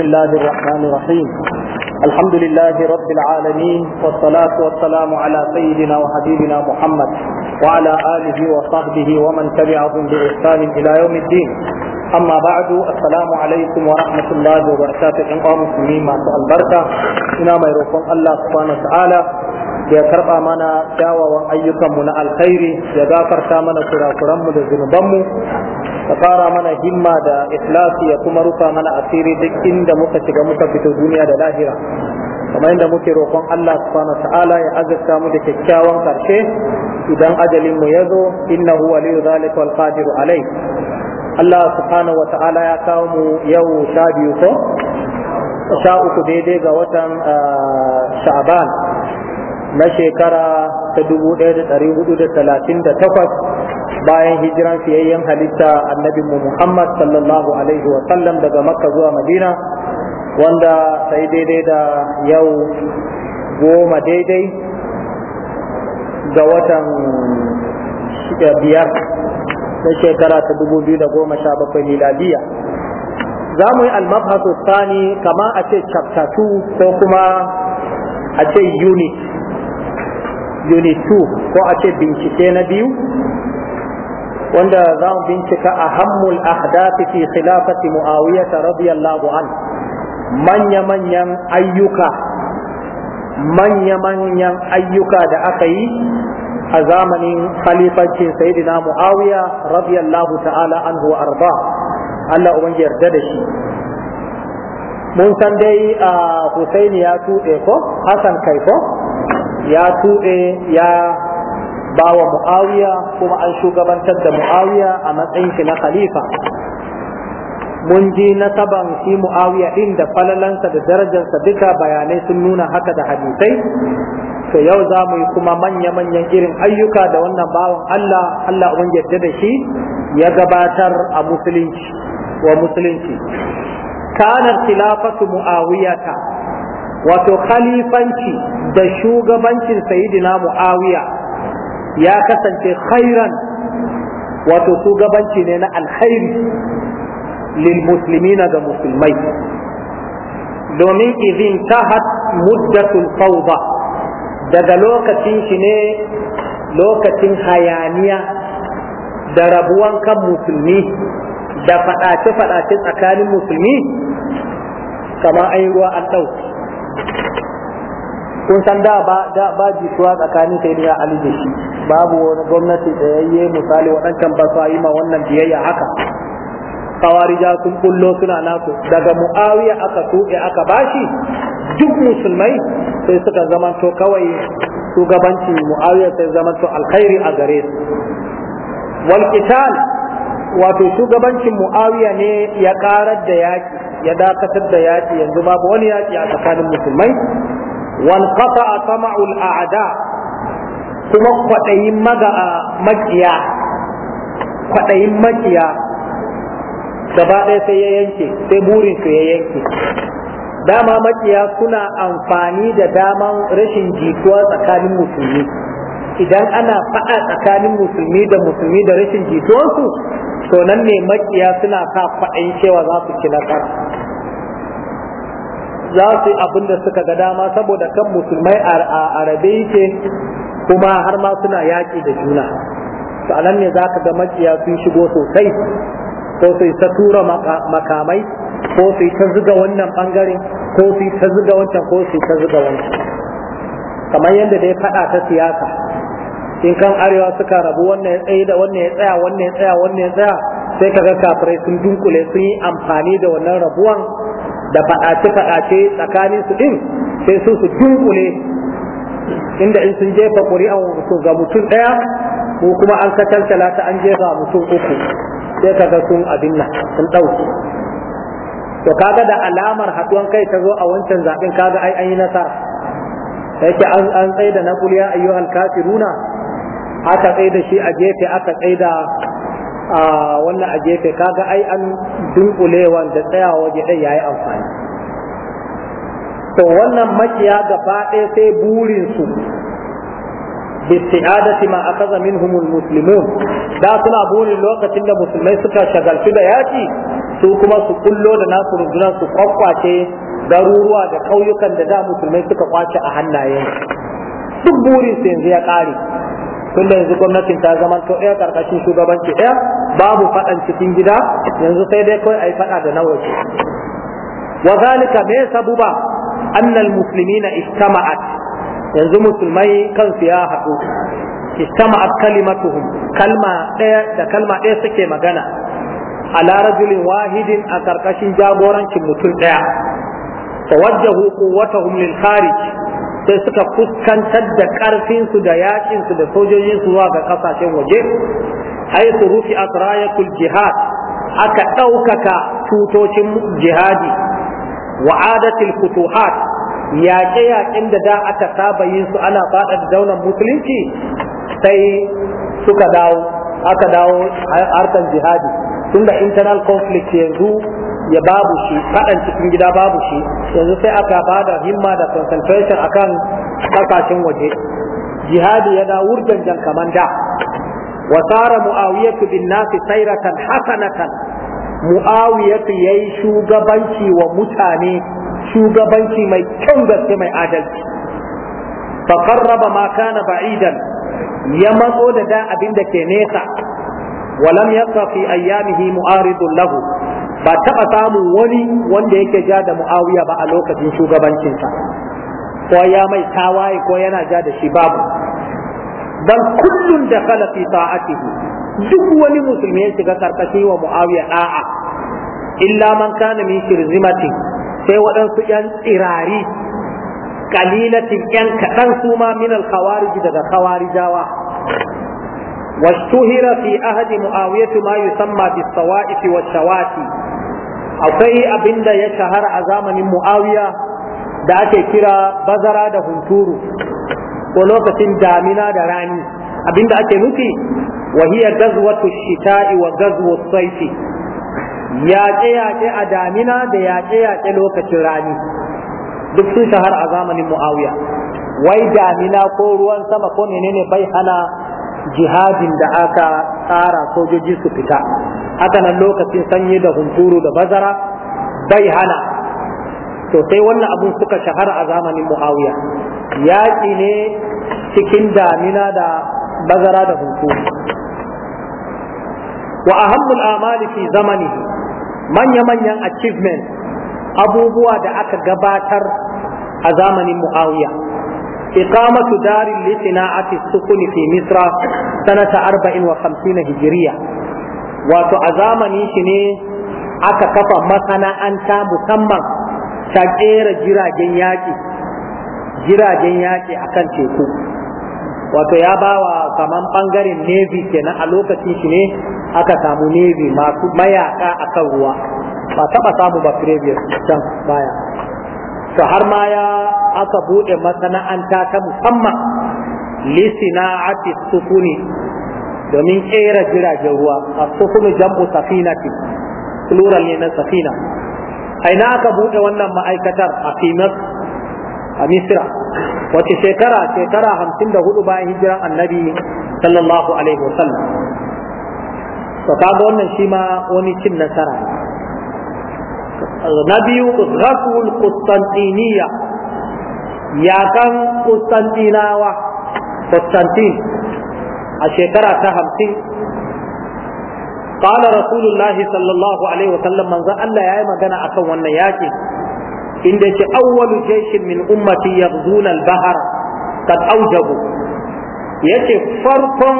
بسم الله الرحمن الرحيم الحمد لله رب العالمين والصلاة والسلام على سيدنا وحبيبنا محمد وعلى آله وصحبه ومن تبعهم بإحسان إلى يوم الدين أما بعد السلام عليكم ورحمة الله وبركاته إن مسلمين مع البركة إنا ما يروفون الله سبحانه وتعالى ya karba mana kyawawan ayyukanmu na alkhairi ya gafarta mana kurakuranmu da zunubanmu ka fara mana himma da ikhlasi ya kuma rufa mana asiri duk inda muka shiga muka fito duniya da lahira kamar yadda muke roƙon Allah subhanahu ta'ala ya azurta mu da kyakkyawan karshe idan ajalin mu ya zo innahu waliyu zalika wal qadiru alai Allah subhanahu wa ta'ala ya kawo mu yau sha biyu ko sha uku daidai ga watan ah, sha'ban na shekara ta dubu da da talatin bayan hijiran fiyayyen halitta annabi mu Muhammad sallallahu alaihi wa sallam daga Makka zuwa Madina wanda sai daidai da yau goma daidai ga watan biyar na shekara ta dubu biyu da goma sha bakwai miladiya za mu yi almabhasu tsani kama a ce chapter 2 ko kuma a ce unit unit 2 ko a ce bincike na biyu wanda za mu bincika hammul ahdafi fi khilafati muawiyah radiyallahu an manya-manyan ayyuka manya-manyan ayyuka da aka yi a zamanin khalifancin sayyidina muawiya radiyallahu ta'ala anhu wa arda Allah ubangi yarda da shi mun san dai a Husaini ya tuɗe ko Hassan kai ko ya tuɗe ya ba mu'awiya kuma an shugabantar da mu'awiya a matsayin shi na khalifa mun ji nasaban shi mu'awiya din da falalansa da darajarsa duka bayanai sun nuna haka da hadisai to yau za mu yi kuma manya-manyan irin ayyuka da wannan bawan Allah Allah un Yadda, da shi ya gabatar a musulunci wa musulunci kanar khilafatu mu'awiyata wato khalifanci da shugabancin sayyidina mu'awiya ya kasance khairan wato gabanci ne na alkhairi lil muslimina ga musulmai domin idin mudda muddatul fawda daga lokacin shi ne lokacin hayaniya da rabuwan kan musulmi da faɗace-faɗace tsakanin musulmi kamar an yi ruwa an kun san da ba da ba jituwa tsakanin da ali da shi babu wani gwamnati da yayye misali waɗancan ba su yi ma wannan biyayya haka kawarija sun kullo suna nasu daga muawiya aka tuke aka bashi duk musulmai sai suka to kawai shugabancin muawiya sai to alkhairi a gare su wal qital wato shugabancin muawiya ne ya karar da yaki ya dakatar da yaki yanzu babu wani yaki a tsakanin musulmai wanqata tama'ul a'da kuma kwaɗayin maga makiya kwaɗayin makiya gaba ɗaya sai ya yanke sai burin su ya yanke dama makiya suna amfani da daman rashin jituwa tsakanin musulmi idan ana faɗa tsakanin musulmi da musulmi da rashin jituwarsu to nan ne makiya suna sa faɗin cewa za su ci nasara za su yi abin da suka ga dama saboda kan musulmai a arabe yake kuma har ma suna yaƙi da juna to anan ne za ka ga makiya sun shigo sosai ko su yi ta tura makamai ko su yi ta zuga wannan bangaren ko su yi ta zuga wancan ko su yi ta zuga wancan kamar yadda dai faɗa ta siyasa in kan arewa suka rabu wannan ya tsaye da wannan ya tsaya wannan ya tsaya wannan ya tsaya sai kaga kafirai sun dunkule sun yi amfani da wannan rabuwan da faɗace-faɗace tsakanin su ɗin sai su su dunkule inda in sun jefa ƙuri'an su ga mutum ɗaya ko kuma an kataltala ta an jefa mutum uku sai kaga sun abin nan sun ɗauki to kaga da alamar haɗuwan kai ta zo a wancan zaɓen kaga ai an yi nasara yake an tsaida na kuliya ayyuhal kafiruna aka tsaida shi a gefe aka tsaida a wannan a gefe kaga ai an dunkulewan da tsayawa waje dai yayi amfani to wannan makiya gaba ɗaya sai burinsu bisti'adati ma akaza minhumul muslimun da suna burin lokacin da musulmai suka shagaltu da yaki su kuma su kullo da nasu rundunar su kwakwace garuruwa da ƙauyukan da da musulmai suka kwace a hannayen duk burin su yanzu ya ƙare tunda yanzu gwamnatin ta zama to ɗaya ƙarƙashin shugabanci ɗaya babu faɗan cikin gida yanzu sai dai kawai a yi faɗa da nawa ce wa zalika me ba annal muslimina ijtama'at yanzu musulmai kansu ya haɗu ijtama'at kalimatuhum kalma ɗaya da kalma ɗaya suke magana ala rajulin wahidin a ƙarƙashin jagorancin mutum ɗaya fawajjahu quwwatahum lil kharij sai suka fuskantar da ƙarfinsu da yaƙinsu da sojojinsu zuwa ga ƙasashen waje haisu rufi asrayatul jihad aka ɗaukaka tutocin jihadi wa'adatul futuhat yaƙe-yaƙen da da aka saba yin su ana faɗa da musulunci sai suka dawo aka dawo harkar jihadi tunda internal conflict yanzu ya babu shi faɗan cikin gida babu shi yanzu sai aka ba da himma da concentration akan ƙasashen waje jihadi yana wurgan jankaman da wa tsara mu'awiyatu bin nasi sairatan hasanatan mu'awiyatu ya yi shugabanci wa mutane shugabanci mai kyau gaske mai adalci faƙarraba ma kana ba'idan ya matso da da abin da ke nesa ولم يبق في أيامه معارض له ba taɓa samun wani wanda yake ja da mu'awiya ba a lokacin shugabancinsa ko ya mai tawaye ko yana ja da shi babu Dan kullum da kala fi ta'atihi duk wani musulmi ya shiga karkashi wa mu'awiya ɗa'a. illa man kana min shirzimati sai waɗansu yan tsirari kalilatin yan kaɗan su ma min al daga khawarijawa واشتهر في أهد معاوية ما يسمى بالصوائف والشواتي akwai abin ya shahara a zamanin mu'awiya da ake kira bazara da hunturu ko lokacin damina da rani abin ake nufi wahiya gazwatu shita'i wa gazwatu saifi yaƙe-yaƙe a damina da yaƙe-yaƙe lokacin rani duk sun shahara a zamanin mu'awiya wai damina ko ruwan sama ko menene bai hana jihadin da aka tsara sojoji su fita haka nan lokacin sanyi da hunturu da bazara bai hana to sai wannan abun suka shahara a zamanin muawiya yaƙi ne cikin damina da bazara da hunturu wa ahammul amali fi zamani manya-manyan achievement abubuwa da aka gabatar a zamanin muawiya iqamatu darin li sina'ati sukuni fi misra sanata 54 hijiriya wato a shi ne aka kafa masana'anta musamman ta kera jiragen yaƙi jiragen yaƙi akan teku wato ya bawa kaman bangaren navy kenan a lokacin shi ne aka samu navy masu a akan ruwa ba taba samu ba previous can baya to har ma ya aka buɗe masana'anta ta musamman lisina'ati tukuni domin kera jiragen ruwa a sufuni jambu safinati plural ne na safina aina aka buɗe wannan ma'aikatar a fimas a misira wace shekara shekara hamsin da hudu bayan hijira annabi sallallahu alaihi wasallam to kaga wannan shi ma wani cin nasara na biyu ghaful qustantiniya yakan qustantinawa qustantin a shekara ta hamsin قال رسول الله صلى الله عليه وسلم من ذا الله يا مغنى akan wannan yaki inda ce Auwalu jayshin min ummati yaghzuna al-bahr kad aujabu yace farkon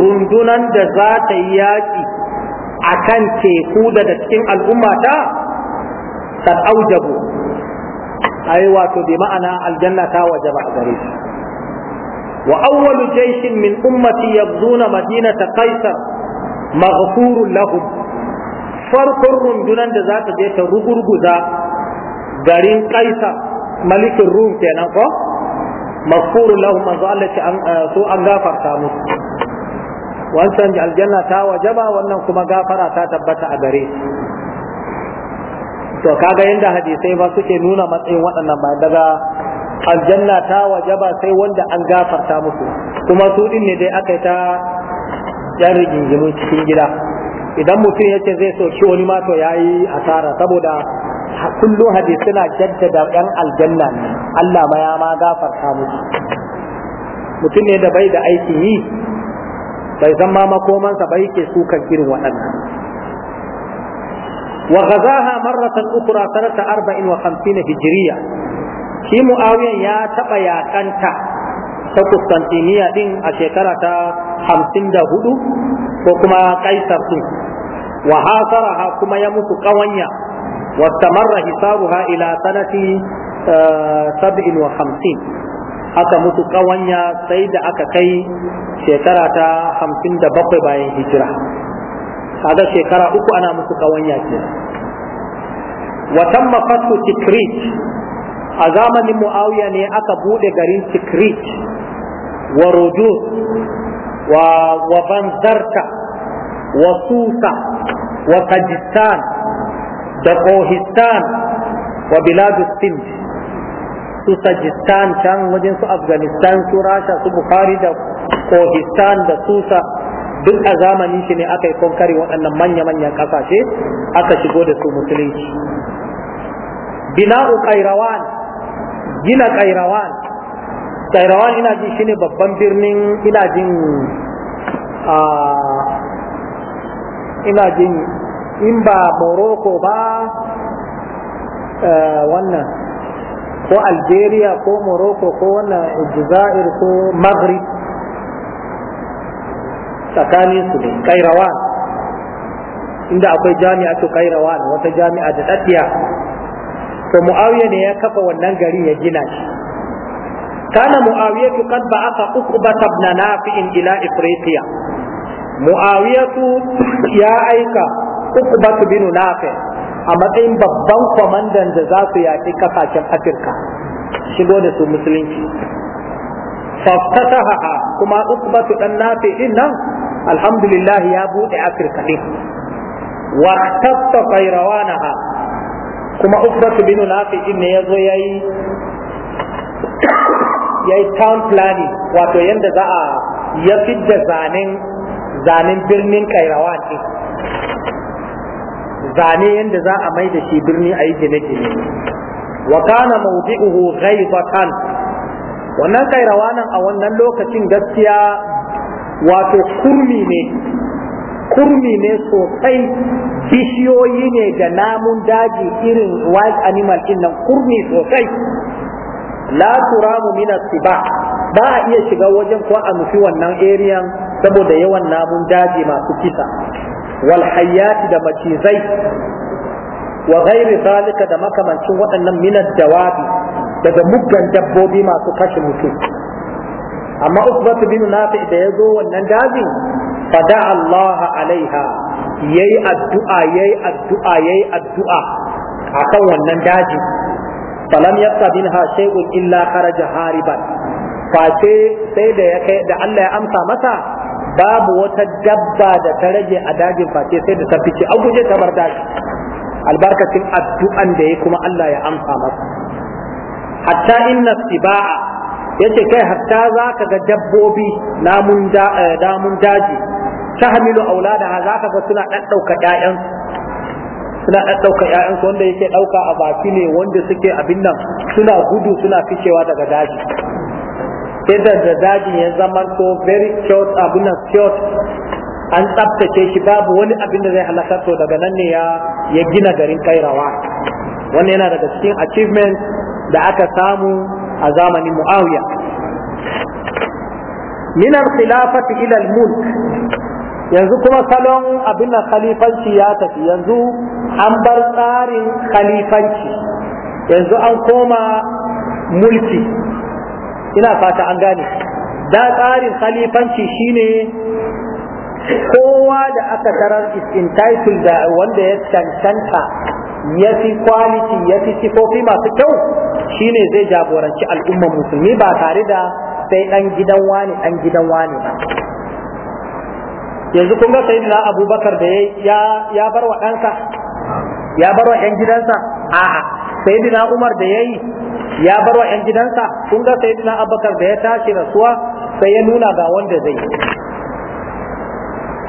rundunan da za ta yi a kan teku daga cikin al'ummata Kan aujabu ai wato bi ma'ana aljanna ta wajaba a gare shi wa awwalu jayshin min ummati yabzuna madinata qaisar maghfurun lahum farkon rundunan da za ta je ta rugurguza garin qaisar malikin rum kenan ko maghfurun lahum manzo Allah ce an eh, so an gafarta musu wancan aljanna ta wajaba wannan kuma gafara ta tabbata a gare shi to kaga yanda hadisai ba suke nuna matsayin waɗannan ba daga aljanna ta wajaba sai wanda an gafarta musu kuma su din ne dai aka ta yan rigingimu cikin gida idan mutum ya ce zai soki wani ma to yayi asara saboda kullum hadisi suna jaddada yan aljanna ne Allah ma ya ma gafarta musu mutum ne da bai da aikin yi bai zama makomansa bai ke sukan irin waɗannan وغزاها مرة أخرى سنة وخمسين هجرية shi mu'awiyan ya taɓa yaƙanta ta Kustantiniya ɗin a shekara ta hamsin da hudu ko kuma ƙaisar ɗin wa hasaraha kuma ya musu ƙawanya wata ila aka mutu ƙawanya sai da aka kai shekara ta hamsin da bakwai bayan hijira kaga shekara uku ana musu kawanya ke wa tamma tikrit a zamanin muawiya ne aka bude garin tikrit wa rujus wa wa banzarta wa susa wa tajistan da kohistan wa biladu su tajistan can wajen su afghanistan su rasha su bukari da kohistan da susa duk a zamani shi ne aka yi konkari waɗannan manya-manyan ƙasashe aka shigo da su musulunci bina'u kairawan gina kairawan kairawan ina ji ne babban birnin ina jin ina jin in ba morocco ba e, wannan ko algeria ko morocco ko wannan jazair ko maghrib tsakanin su ne kairawan inda akwai jami'a to kairawan wata jami'a da daddiya to muawiya ne ya kafa wannan gari ya gina shi kana muawiya tu ba aka uqba tabna nafi'in ila ifritiya muawiya ya aika uqba bin nafi' a matsayin babban kwamandan da za su yaƙi kasashen afirka shigo da su musulunci faftataha kuma uqbatu dan ɗan nafi'in nan alhamdulillah ya buɗe afirka ɗin wa tabta qayrawanaha kuma ukbat bin nafi ne yazo yayi yayi town planning wato yanda za a ya fidda zanen zanen birnin kairawa ce zane yanda za a mai da shi birni a yi gine-gine wa kana mawdi'uhu ghaibatan wannan kairawanan a wannan lokacin gaskiya wato kurmi ne kurmi ne sosai bishiyoyi ne da namun daji irin wild animal din nan kurmi sosai la turamu min siba ba a iya shiga wajen ko a nufi wannan area saboda yawan namun daji masu kisa wal hayati da macizai wa ghairi zalika da makamancin waɗannan min dawabi daga muggan dabbobi masu kashe mutum amma ukbatu bin nafi da ya zo wannan dajin fada Allah alaiha yayi addu'a yayi addu'a yayi addu'a akan wannan daji falam yatta minha shay'un illa kharaja hariban face sai da ya kai da Allah ya amsa masa babu wata dabba da ta rage a dajin face sai da ta fice a guje ta bar daji albarkacin addu'an da ya kuma Allah ya amsa masa hatta inna siba'a yace kai hatta za ka ga dabbobi namun eh, daji ta hamilu ha za ka ga suna ɗaɗɗauka ƴaƴan suna ɗaɗɗauka ƴaƴansu wanda yake ɗauka a baki ne wanda suke abin nan suna gudu suna ficewa daga daji yadda da daji ya zama to very short abin nan short an tsabtace shi babu wani abin da zai halakar to daga nan ne ya gina garin kairawa wannan yana daga cikin achievement da aka samu a zamanin muawiya Minar al-khilafati ila mulk yanzu kuma salon abin khalifanci ya tafi yanzu an bar tsarin khalifanci yanzu an koma mulki ina fata an gane da tsarin khalifanci shine kowa da aka tarar is entitled da wanda ya cancanta ya fi quality ya fi sifofi masu kyau shine zai jagoranci al'umma musulmi ba tare da sai dan gidan wani dan gidan wani ba yanzu kun ga sayyidina abubakar da ya ya bar wa ɗansa ya bar wa ƴan gidansa a'a sayyidina umar da yayi ya bar wa ƴan gidansa kun ga sayyidina abubakar da ya tashi rasuwa sai ya nuna ga wanda zai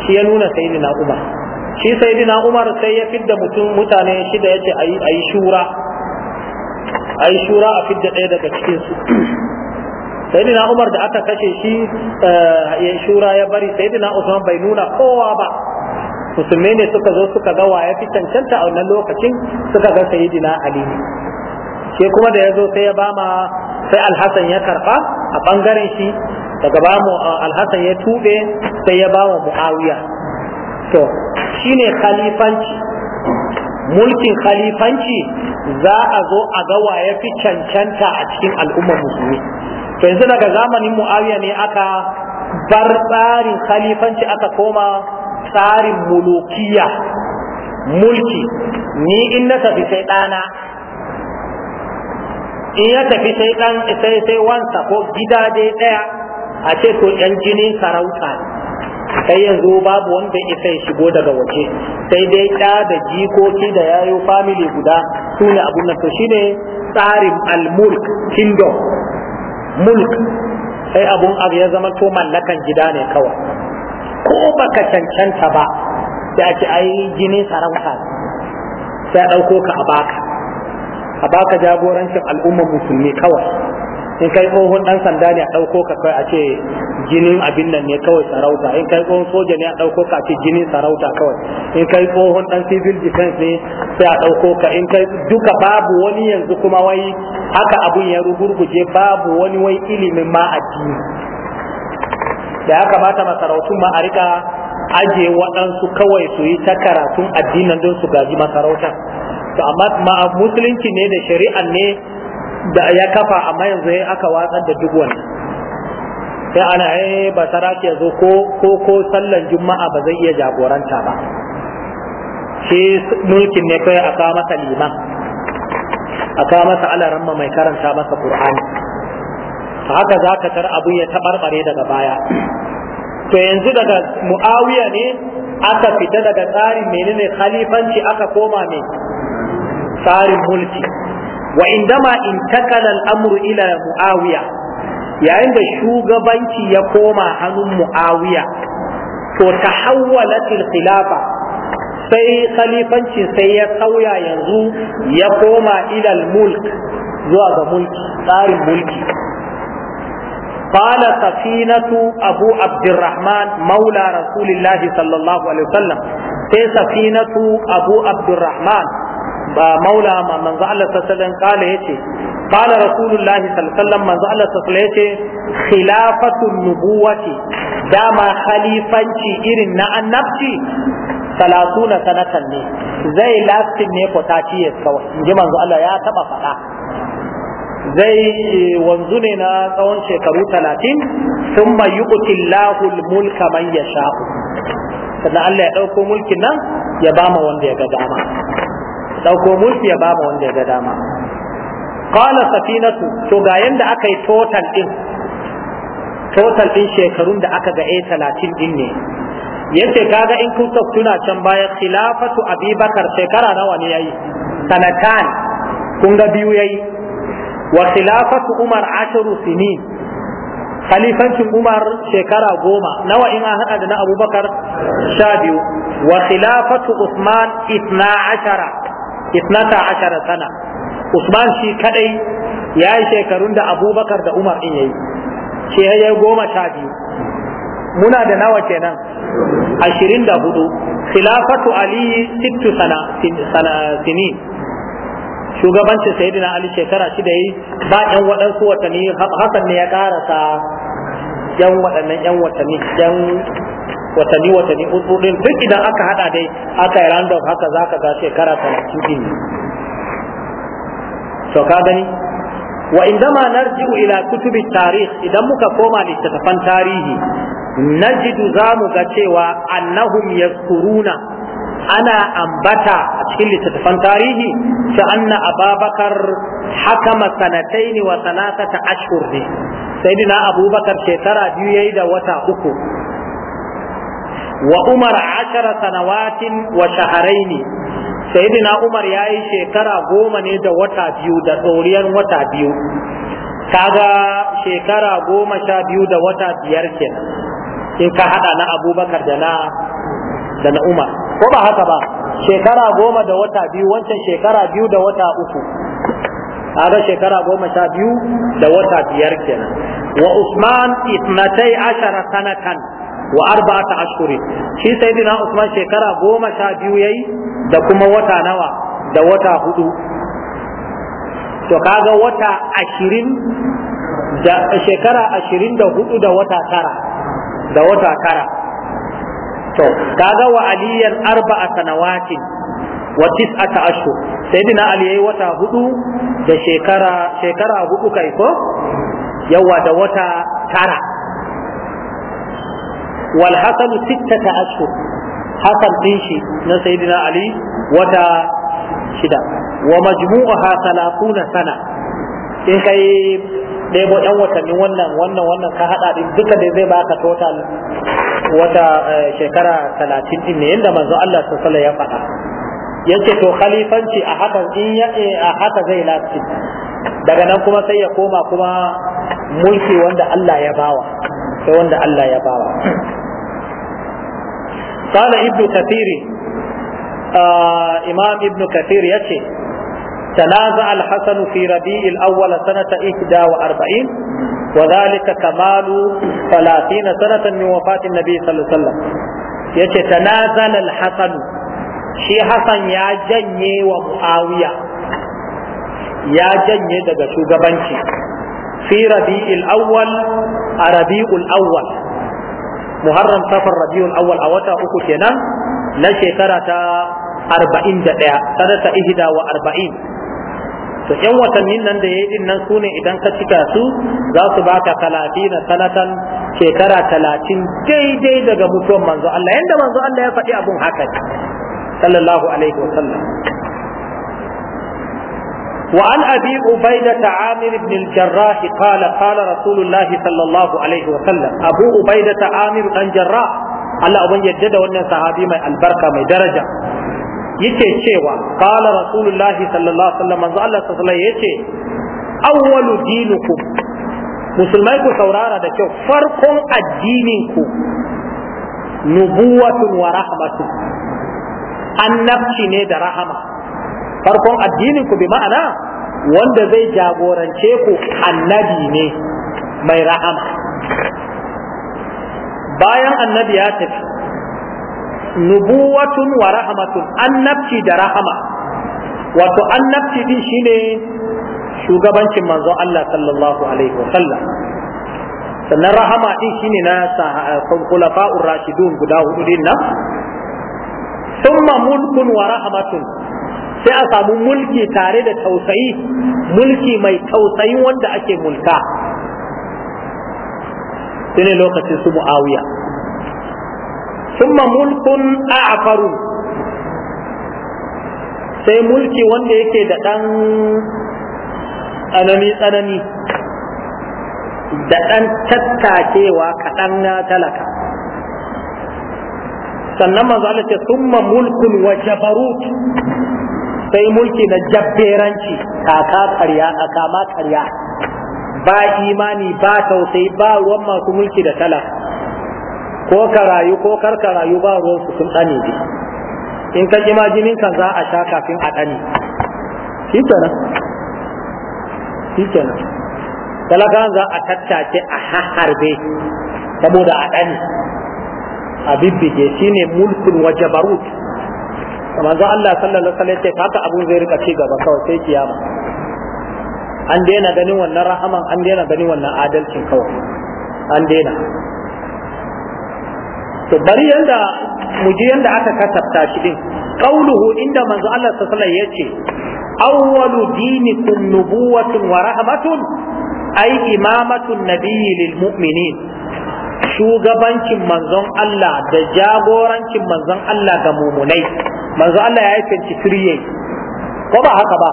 shi ya nuna sayyidina umar shi sayyidina umar sai ya fidda mutum mutane shida yace ayi ayi shura Ayi shura a fidda ɗaya daga cikin su sayyidina Umar da aka kashe shi eh, ya shura ya bari sayyidina Usman bai nuna kowa ba musulmai ne suka zo suka ga waya fi cancanta a wannan lokacin suka ga sayyidina Ali sai kuma da ya zo sai ya bama sai Alhassan ya karba a bangaren shi daga ba mu eh, Alhassan ya tube sai ya bawa Muawiya to shine khalifanci mulkin khalifanci za a zo a ga waye fi cancanta a cikin al'ummar musulmi to yanzu daga zamanin muawiya ne aka bar tsarin khalifanci aka koma tsarin mulukiya mulki ni in na tafi sai ɗana in ya tafi sai ɗan sai sai wansa ko gida dai ɗaya a ce to yan jinin sarauta ne sai yanzu babu wanda isa ya shigo daga waje sai dai ɗa da jikoki da yayo family guda su ne abun nan to shine tsarin al-mulk kingdom mulk sai abun abu ya zama to mallakan gida ne kawai ko baka cancanta ba sai a ce ai gini sarauta sai a ɗauko ka a baka a baka jagorancin al'ummar musulmi kawai in kai tsohon dan sanda ne a ɗauko ka kai a ce jinin abin nan ne kawai sarauta in kai tsohon soja ne a ɗauko ka a ce jinin sarauta kawai in kai tsohon dan civil defense ne sai a ɗauko ka in kai duka babu wani yanzu kuma wai haka abun ya rugurguje babu wani wai ilimin ma addini da ya kamata masarautun ma a rika aje waɗansu kawai su yi ta karatun addinin don su gaji masarautar to amma musulunci ne da shari'a ne da ya kafa amma yanzu ya aka watsar da duk wani. sai ana eh ba saraki ya zo ko ko ko sallan juma'a ba zai iya jagoranta ba shi mulkin ne kai aka masa liman aka masa alaran mai karanta masa qur'ani haka zaka tar abu ya tabarbare daga baya to yanzu daga muawiya ne aka fita daga tsarin menene khalifanci aka koma ne tsarin mulki wa indama intakala amru ila muawiya yayin da shugabanci ya koma hannun muawiya to tahawwalat al-khilafa sai khalifanci sai ya kauya yanzu ya koma ila mulk zuwa ga mulki tsarin mulki قال سفينة أبو عبد الرحمن مولى رسول الله صلى الله عليه وسلم سفينة أبو عبد الرحمن maula manzo Allah sallallahu alaihi kala yace qala rasulullahi sallallahu alaihi wasallam manzo Allah yace khilafatun nubuwati dama khalifanci irin na annabci salatuna sanatan ne zai lasting ne ko ta ciye kawai inji manzo Allah ya taba faɗa zai eh, wanzu ne na tsawon shekaru talatin sun mai yuƙuti lahul mulka man ya sha'u sannan Allah ya ɗauko mulkin nan ya bama wanda ya ga dama Dauko mulki ya bama wanda ya ga dama qala safinatu to ga yanda aka yi total din total din shekarun da aka ga talatin din ne yace kaga in kun tuna can baya khilafatu abubakar shekara nawa ne yayi sanatan kun ga biyu yayi wa khilafatu umar asharu Sini. khalifancin umar shekara goma nawa in an hada da na abubakar sha biyu wa khilafatu usman itna ashara isnata ashara sana usman shi kadai ya yi shekarun da abubakar da umar in yayi shi ya goma sha biyu muna da nawa kenan ashirin da hudu khilafatu ali sittu sana sinin shugabancin sayyidina ali shekara shida yi ba yan waɗansu watanni hasan ne ya karasa yan waɗannan yan watanni yan watanni watanni hudu din duk idan aka hada dai aka yi random haka za ka ga shekara talatin din to ka gani wa indama narji'u ila kutubi tarikh idan muka koma littattafan tarihi najidu za mu ga cewa annahum yaskuruna ana ambata a cikin littattafan tarihi ta anna ababakar hakama sanataini wa salatata ashhur ne sayyidina abubakar shekara biyu yayi da wata uku wa umar ashara sanawatin wa shaharaini sayyidina umar ya yi shekara goma ne da wata biyu da tsoriyar wata biyu kaga shekara goma sha biyu da wata biyar kenan in ka hada na abubakar da na da na umar ko ba haka ba shekara goma da wata biyu wancan shekara biyu da wata uku kaga shekara goma sha biyu da wata biyar kenan wa usman itnatai ashara sanatan wa arba ta ashhuri shi sayyidina Usman shekara goma sha biyu yayi da kuma wata nawa da wata hudu to kaga wata ashirin da shekara ashirin da hudu da wata tara da wata tara to kaga wa aliyan arba sanawatin wa tis'ata ashur sayyidina ali yayi wata hudu da shekara shekara hudu kai ko yawa da wata tara wal hasan sittata ashhur hasan din shi na sayyidina ali wata shida wa majmu'uha 30 sana in kai ɗebo ɗan watanni wannan wannan wannan ka haɗa ɗin duka da zai baka total wata eh, shekara talatin ɗin ne yadda manzo Allah sassala ya faɗa yace to khalifanci a haka in ya eh, a haka zai lafi daga nan kuma sai ya koma kuma mulki wanda Allah ya bawa sai wanda Allah ya bawa قال ابن كثير آه إمام ابن كثير يتي تنازع الحسن في ربيع الأول سنة إحدى وأربعين وذلك كمال ثلاثين سنة من وفاة النبي صلى الله عليه وسلم يتي تنازل الحسن شي حسن يا جني ومعاوية يا جني دقشو قبنشي في ربيع الأول ربيع الأول muharram safar rabiul awwal a wata uku kenan na shekara ta arba'in da ɗaya sanata ihda wa arba'in to yan watannin nan da yayi din nan sune idan ka cika su za su baka talatina sanatan shekara talatin daidai daga mutuwar manzo Allah yanda manzo Allah ya faɗi abun haka sallallahu alaihi wa sallam وعن أبي عبيدة عامر بن الجراح قال قال رسول الله صلى الله عليه وسلم أبو عبيدة عامر بن الجراح الله أبن يجد وأن صحابي من البركة من درجة yace cewa qala rasulullah sallallahu alaihi wasallam manzo Allah sallallahu alaihi yace awwalu dinukum musulmai ku saurara da kyau farkon addinin ku nubuwatun wa rahmatun annabci ne da rahama farkon addinin ku bi ma'ana wanda zai jagorance ku annabi ne mai rahama bayan annabi ya tafi nubuwatun wa rahamatun annabci da rahama wato annabci din shine shugabancin manzo Allah sallallahu alaihi wa sallam sannan rahama din shine na eh, khulafa'ur rashidun guda hudu din nan thumma mulkun wa rahmatun sai a samu mulki tare da tausayi mulki mai tausayi wanda ake mulka shine lokacin su mu'awiya summa mulkun a'faru sai mulki wanda yake da ɗan tsanani tsanani da ɗan tattakewa kaɗan na talaka sannan manzo Allah ce summa mulkun wa jabarut sai mulki na jabberanci kaka karya a kama karya ba imani ba tausayi ba ruwan masu mulki da talaka ko ka rayu ko kar ka rayu ba ruwan su sun tsane bi in ka kima jinin kan za a sha kafin a tsane shi kenan shi kenan talaka za a tattace a harbe saboda a tsane a bibbige shine mulkin wajabarut manzo Allah sallallahu alaihi wasallam ya ce haka abun zai rika ci gaba kawai sai kiyama an daina ganin wannan rahaman an daina ganin wannan adalcin kawai an daina to bari yanda mu ji yanda aka kasafta shi din qauluhu inda manzo Allah sallallahu alaihi wasallam yace awwalu dinikum nubuwatun wa rahmatun ay imamatun nabiyyi lil mu'minin shugabancin manzon Allah da jagorancin manzon Allah ga mumunai manzon Allah ya yi kirye ko ba haka ba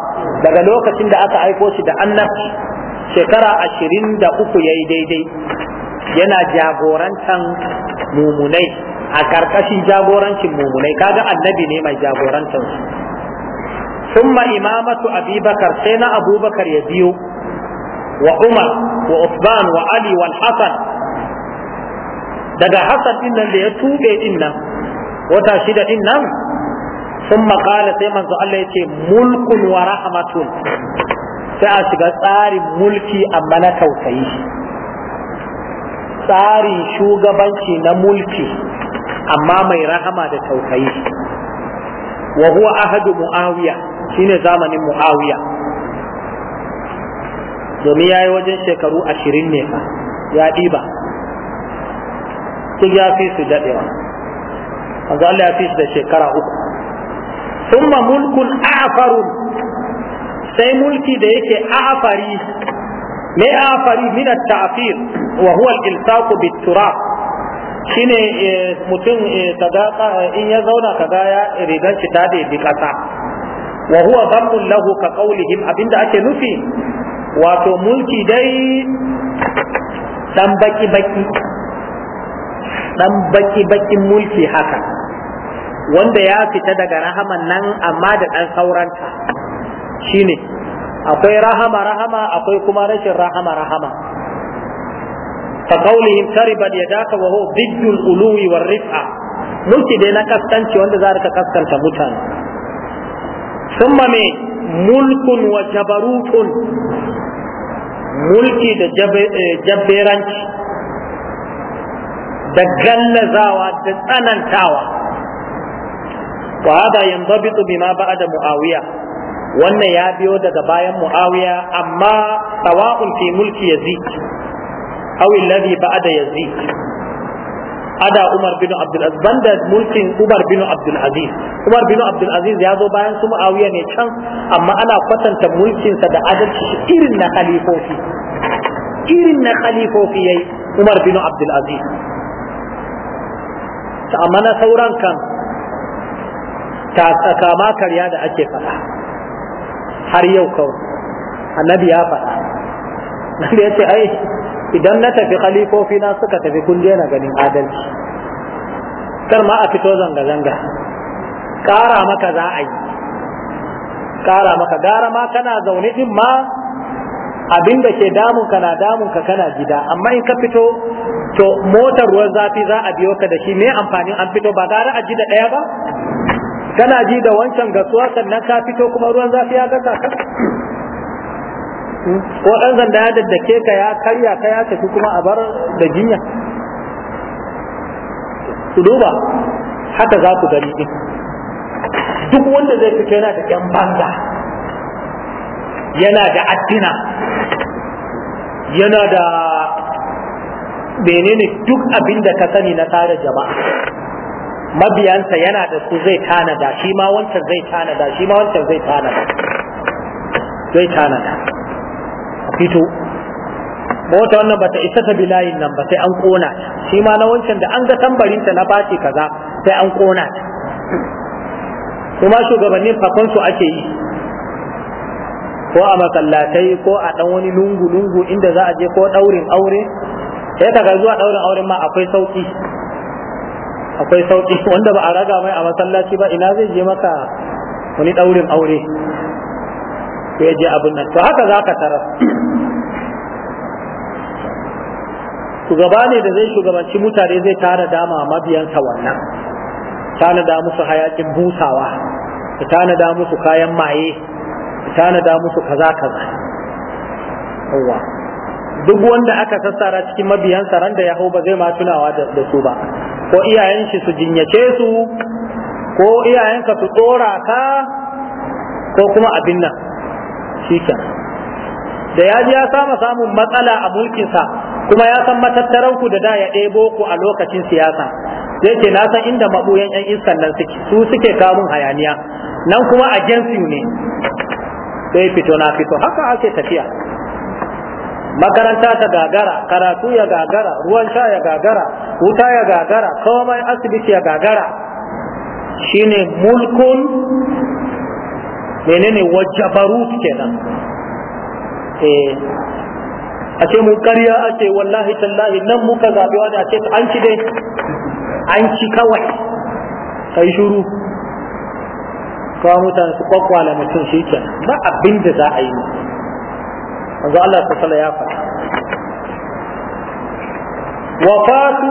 daga lokacin da aka aiko shi da annabi shekara ashirin da uku ya yi daidai yana jagorantan mumunai a karkashin jagorancin mumunai kaga annabi ne mai jagorantar su summa imamatu abubakar sai na abubakar ya biyo wa umar wa Uthman, wa ali wal hasan daga Hassan din nan da ya tube din nan wata shida din nan sun makala sai manzo Allah ya ce mulkun wa rahmatun sai a shiga tsarin mulki amma na tausayi tsarin shugabanci na mulki amma mai rahama da tausayi wa huwa ahadu muawiya shine zamanin muawiya domin ya yi wajen shekaru ashirin ne fa ya ɗiba duk ya fi su daɗewa manzo Allah ya fi su da shekara uku thumma mulkun a'farun sai mulki da yake a'fari me a'fari min at-ta'fir wa huwa al bit-turab shine eh, mutum eh, kaga eh, in ya zauna kaga ya rigar shi ta da kasa wa huwa dhammun lahu ka qawlihim abinda ake nufi wato mulki dai dan baki baki dan baki-bakin mulki haka wanda ya fita daga rahaman nan amma da ɗan sauranta shine akwai rahama-rahama akwai kuma rashin rahama-rahama ka kaulihim taribat ya daka wa huwa biddul uluwi war rif'a mulki dai na kaskanci wanda za ka kaskanta mutane sun me mulkun wa jabarutun mulki da eh, jabberanci da gallazawa da tsanantawa wa hada yanzabitu bima ba'da muawiya wannan ya biyo daga bayan muawiya amma sawa'un fi mulki yazid aw alladhi ba'da yazid ada Umar bin Abdul Aziz banda mulkin Umar bin Abdul Aziz Umar bin Abdul Aziz ya zo bayan su Muawiya ne can amma ana kwatanta mulkinsa da adalci irin na khalifofi irin na khalifofi yayi Umar bin Abdul Aziz amma na sauran kan kama karya da ake faɗa har yau kawai annabi ya faɗa annabi ya ce ai idan na tafi khalifofi na suka tafi kun na ganin adalci kar ma a fito zanga-zanga Kara maka za a yi kara maka gara ma kana zaune din ma abin da ke damun ka na damun ka kana gida amma in ka fito to motar ruwan zafi za a biyo ka da shi me amfanin an fito ba gara a ji da ɗaya ba kana ji da wancan gasuwa sannan ka fito kuma ruwan zafi ya gasa ka ko ɗan zanda ya daddake ka ya karya ka ya tafi kuma a bar da jinya su duba haka za ku gani duk wanda zai fito yana da ƴan banza yana da addina yana da menene duk abin da ka sani na tare jama'a mabiyansa yana da su zai tanada shi ma wancan zai tanada shi ma wancan zai tanada zai tanada fito wata wannan bata isa ta bilayin nan ba sai an kona shi ma na wancan da an ga tambarinta na bace kaza sai an kona kuma shugabannin fakonsu ake yi ko a masallatai ko a dan wani lungu lungu inda za a je ko daurin aure sai daga zuwa daurin aure ma akwai sauki akwai sauki wanda ba a raga mai a masallaci ba ina zai je maka wani daurin aure ko ya je abin nan to haka za ka tarar shugaba ne da zai shugabanci mutane zai tara dama mabiyansa wannan da musu hayakin busawa da musu kayan maye tanada musu kaza kaza yawa duk wanda aka sassara cikin mabiyansa ran da ya hau ba zai ma tunawa da su ba ko iyayen shi su jinyace su ko iyayenka su tsora ka ko kuma abin nan shi da ya ji ya sama samun matsala a mulkinsa kuma ya san matattaranku da da ya ɗebo ku a lokacin siyasa zai ce na san inda maɓoyan 'yan iskan nan suke su suke kamun hayaniya nan kuma agensi ne sai fito na fito haka ake tafiya makaranta ta gagara karatu ya gagara ruwan sha ya gagara wuta ya gagara komai asibiti ya gagara shine mulkun menene wajabarut kenan eh a ce mu karya a ce wallahi tallahi nan muka zaɓi wani a ce an ci dai an ci kawai kai shuru kawo mutane su kwakwala mutum shi ke ba abin da za a yi manzo Allah ta sala ya faɗa wafatu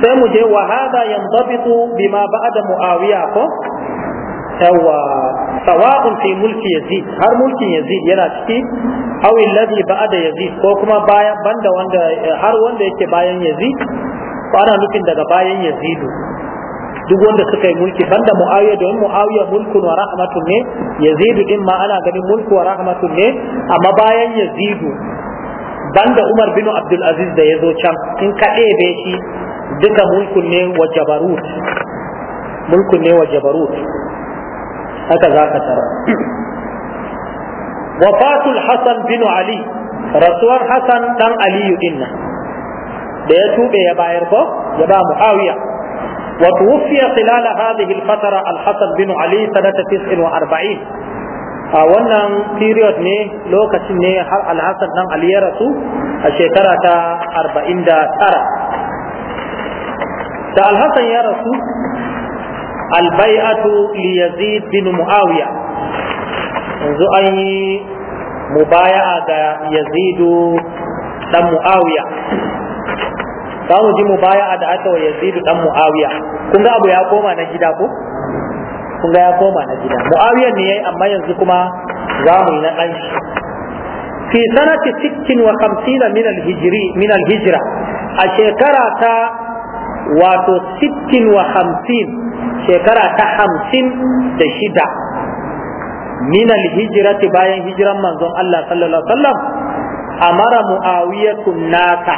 sai mu je wa hada yanzabitu bima ba'da muawiya ko yawa sawa'un fi mulki yazid har mulkin yazid yana ciki aw alladhi ba'da yazid ko kuma baya banda wanda har wanda yake bayan yazid ko ana nufin daga bayan yazidu duk wanda suka yi mulki banda muawiya domin muawiya mulkun wa rahmatun ne yazidu din ma ana ganin mulku wa rahmatun ne amma bayan yazidu banda umar bin abdul aziz da yazo can in ka ɗebe shi duka mulkun ne wa jabarut mulkun ne wa jabarut haka za ka tara wafatul hasan bin ali rasuwar hasan dan aliyu dinna da ya tuɓe ya bayar ko ya ba muawiya وتوفي خلال هذه الفترة الحسن بن علي سنة 49 a wannan period ne lokacin ne har alhassan dan ali ya rasu a shekara ta 49 da alhassan ya rasu albai'atu li yazid bin muawiya yanzu an yi mubaya'a ga yazidu dan muawiya za mu ji mubaya'a da aka wa yazidu dan muawiya kun ga abu ya koma na gida ko kun ga ya koma na gida muawiya ne yayi amma yanzu kuma za mu yi na dan shi fi sanati 56 min al-hijri min al-hijra a shekara ta wato 56 shekara ta 50 da shida min al-hijrati bayan hijiran manzon Allah sallallahu alaihi wasallam amara muawiyatun nasa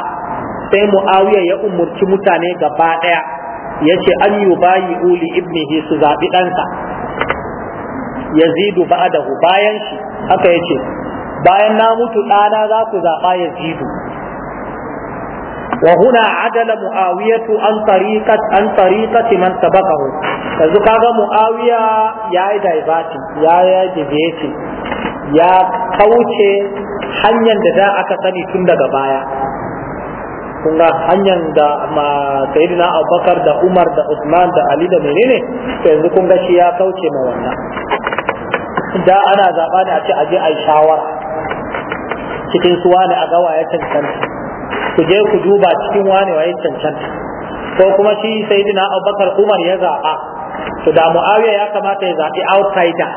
sai muawiya ya umurci mutane gaba daya yace an bayi uli ibnihi su zabi ɗansa yazidu ba'dahu bayan shi haka yace bayan na mutu ɗana za ku zaɓa yazidu huna adala Mu'awiyatu an tariqat an طريقة man سبقه yanzu kaga mu'awiya ya yi daibati ya yi dibeti ya kauce hanyar da za aka sani tun daga baya kun ga hanyar da ma sayyidina abubakar da umar da usman da ali da menene to yanzu kun ga shi ya kauce ma wannan da ana zaba ne a ce aje a yi shawara cikin su wane a gawa ya cancanta ku je ku duba cikin wane wa ya cancanta ko kuma shi sayyidina abubakar umar ya zaɓa to da muawiya ya kamata ya zabi outsider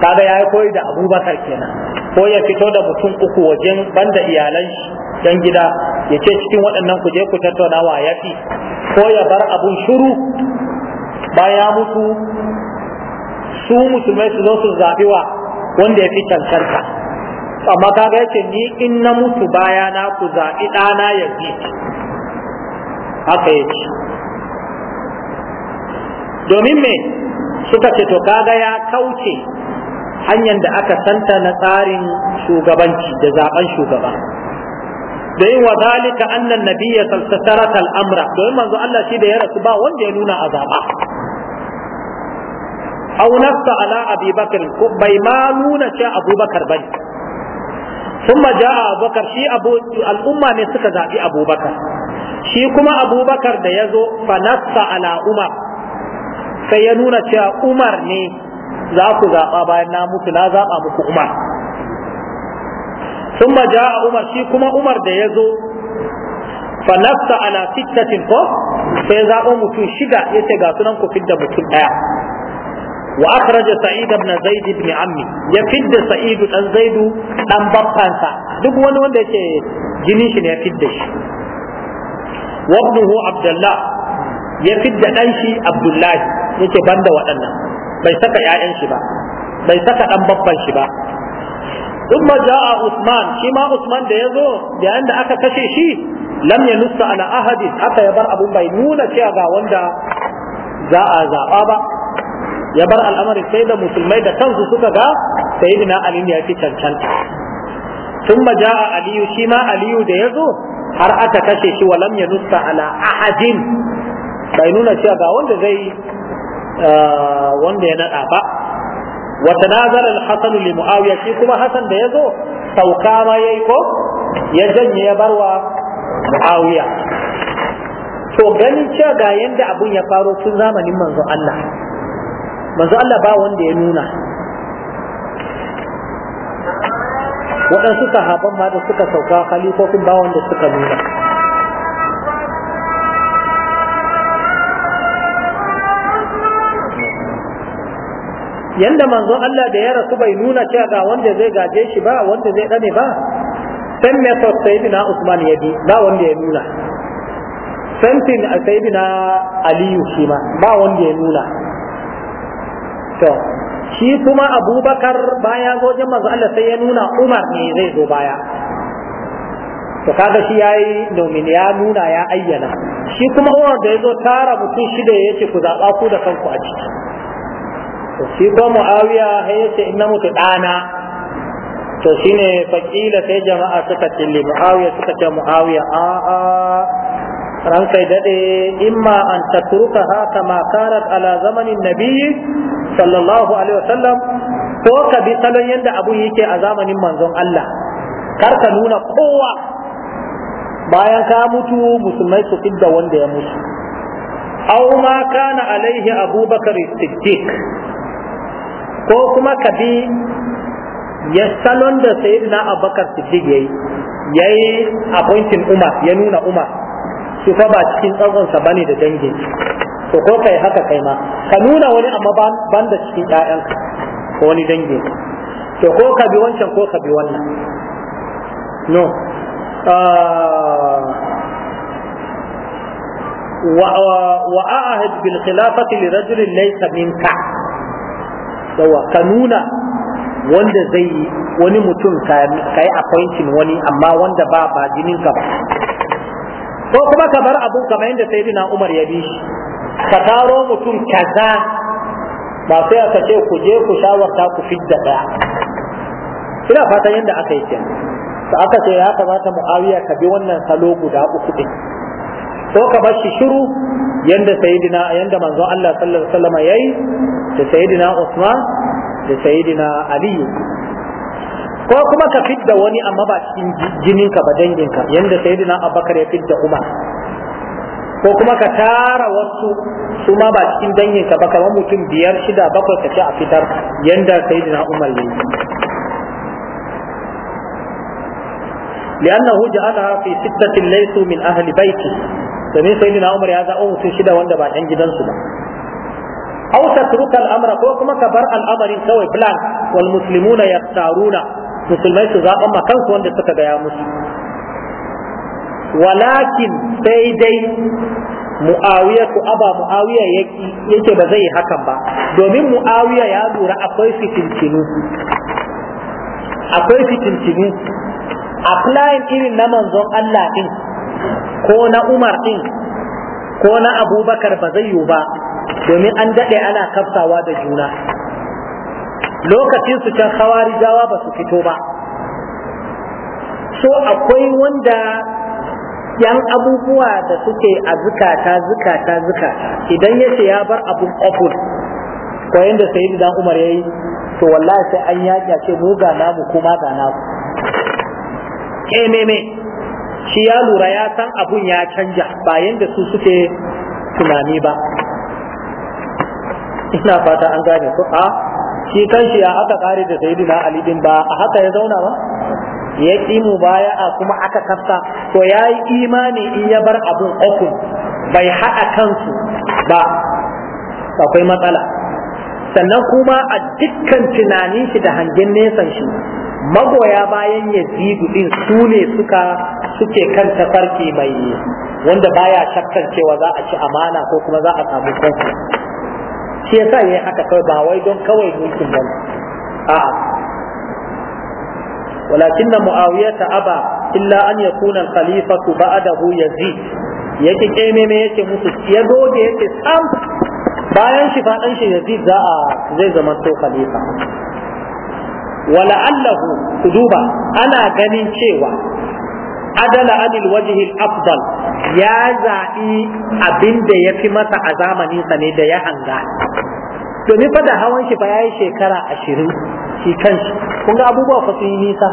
kaga ya koyi da abubakar kenan ko ya fito da mutum uku wajen banda iyalai shi dan gida ya ce cikin waɗannan ku je ku tattauna wa yafi ko ya bar abun shuru baya musu su musulmai su zo su zaɓi wa wanda ya fi cancanta amma kaga ce ni in na mutu baya na ku zaɓi ɗana ya bi haka yake domin me suka ce to kaga ya kauce hanyar da aka santa na tsarin shugabanci da zaben shugaba da yin wa zalika annan nabiyya salsatarat al'amra domin manzo Allah shi da ya rasu ba wanda ya nuna a zaba au nafsa ala abi bakr ko bai ma nuna ce abubakar bane ثم جاء أبو بكر شي أبو الأمة shi kuma أبو بكر شي كما أبو بكر ديزو فنص على عمر فينون تا Umar ne. za ku zaɓa bayan na mutu na zaɓa muku umar sun ba ja umar shi kuma umar da ya zo fanasta ana sittatin ko sai zaɓo mutum shida ya ce ga sunan ku fidda mutum ɗaya wa akhraja sa'id ibn zaid ibn ammi ya fidda sa'id dan zaid dan baffansa duk wani wanda yake jinin shi ne ya fidda shi wa ibnuhu abdullah ya fidda dan shi abdullahi yake banda waɗannan bai saka ‘ya’yan shi ba, bai saka ɗan babban shi ba. In ma za a Usman, shi ma Usman da ya zo, yayin da aka kashe shi, lam ya nusa ala aka ya bar bai nuna cewa ga wanda za zaɓa ba, ya bar al’amarin sai da musulmai da kansu suka ga sai ina Ali ya fi cancanta. Tun ma ja'a Aliyu shi ma Aliyu da ya zo har aka kashe shi wa lam ya nusa ala bai nuna cewa ga wanda zai yi. wanda ya naɗa ba wa tanazara al-hasan li muawiya shi kuma hasan da yazo sauka ma yayi ko ya janye ya barwa muawiya to ganin cewa ga yanda abun ya faro tun zamanin manzon Allah manzon Allah ba wanda ya nuna waɗansu sahaban ma da suka sauka khalifofin ba wanda suka nuna yanda manzo Allah da ya rasu bai nuna cewa ga wanda zai gaje shi ba wanda zai dane ba san method sayyidina Usman ya bi ba wanda ya nuna santin a uh, sayyidina Aliyu shi ma ba wanda ya nuna to shi kuma Abubakar baya wajen manzo Allah sai ya nuna Umar ne zai zo baya to kaga shi yayi domin ya nuna ya ayyana shi kuma Umar da ya zo tara mutum shida ya ce ku zaɓa ku da kanku a ciki shi ko mu'awiya ya ce inna mutu ɗana to shine fakila sai jama'a suka ce li mu'awiya suka ce mu'awiya a a ran sai dade imma an tatruka ha kama karat ala zamanin nabiyyi sallallahu alaihi wasallam ko ka bi salon yadda abu yake a zamanin manzon Allah kar ka nuna kowa bayan ka mutu musulmai su fidda wanda ya mutu aw kana alaihi abubakar siddiq ko kuma ka bi ya salon da sayyidina abubakar siddiq yayi yayi appointing umar ya nuna umar shi fa ba cikin tsakonsa bane da dangin to ko kai haka kai ma ka nuna wani amma ban da cikin ƴaƴanka ko wani dangi to ko ka bi wancan ko ka bi wannan no ah, wa a'ahid bil khilafati li rajulin laysa minka yawa ka nuna wanda zai yi wani mutum ka yi appointin wani amma wanda ba ba jinin ka ba ko kuma ka bar abu kamar yadda sai dina Umar ya bi shi ka taro mutum kaza ba sai aka ce ku je ku shawarta ku fidda ɗaya ina fatan yadda aka yi kenan to aka ce ya kamata Muawiya ka bi wannan salo guda uku ɗin. ko ka bar shi shiru yanda sayyidina yanda manzon Allah sallallahu alaihi wasallam yayi da sayyidina Usman da sayyidina Ali ko kuma ka fidda wani amma ba cikin ka ba dangin ka, yanda sayyidina Abubakar ya fidda Umar ko kuma ka tara wasu su ma ba cikin danginka ba kamar mutum biyar shida bakwai ka ce a fitar yanda sayyidina Umar yayi لأنه جعلها في ستة ليسوا من أهل بيته domin sai na umar ya zaɓo mutum shida wanda ba ɗan gidansu ba aw tatruka Amra ko kuma ka bar al'amarin kawai plan wal muslimuna yaqtaruna musulmai su zaɓan ma kansu wanda suka gaya musu walakin sai dai mu'awiya ko aba mu'awiya yake ba zai yi hakan ba domin mu'awiya ya lura akwai fitintinu akwai fitintinu a plan irin na manzon Allah din ko na umar ɗin ko na abubakar ba zai yiwu ba domin an daɗe ana kafsawa da juna lokacin su can hawarijawa ba su fito ba so akwai wanda yan abubuwa da suke a zukata zukata zukata idan ya ce ya bar abun ofur ko yadda sai da umar ya yi to wallahi sai an yaƙi a ce mu ga namu kuma ga namu ke eh, ne shi ya lura ya san abun ya canja bayan da su suke tunani ba ina fata an gane ko a shi kanshi ya haka kare da sayyidina ali din ba a haka ya zauna ba ya mu baya a kuma aka kafta to ya yi imani in ya bar abun uku bai haɗa kansu ba akwai matsala sannan kuma a dukkan tunanin shi da hangen nesan shi magoya bayan yazidu din su ne suka suke kan tafarki mai wanda baya shakkan cewa za a ci amana ko kuma za a samu kansu shi yasa yayi haka kawai ba wai don kawai mulkin ba a'a walakinna muawiyata aba illa an yakuna al-khalifatu ba'dahu yazid yake keme me yake musu ya doge yake sam bayan shi fadan shi yazid za a zai zama to khalifa wala'allahu ku duba ana ganin cewa adala anil wajhil afdal ya zaɓi abin da ya fi masa a zamaninsa ne da ya hanga domin fa da hawan shi fa ya yi shekara ashirin shi kanshi kun ga abubuwa fa sun yi nisa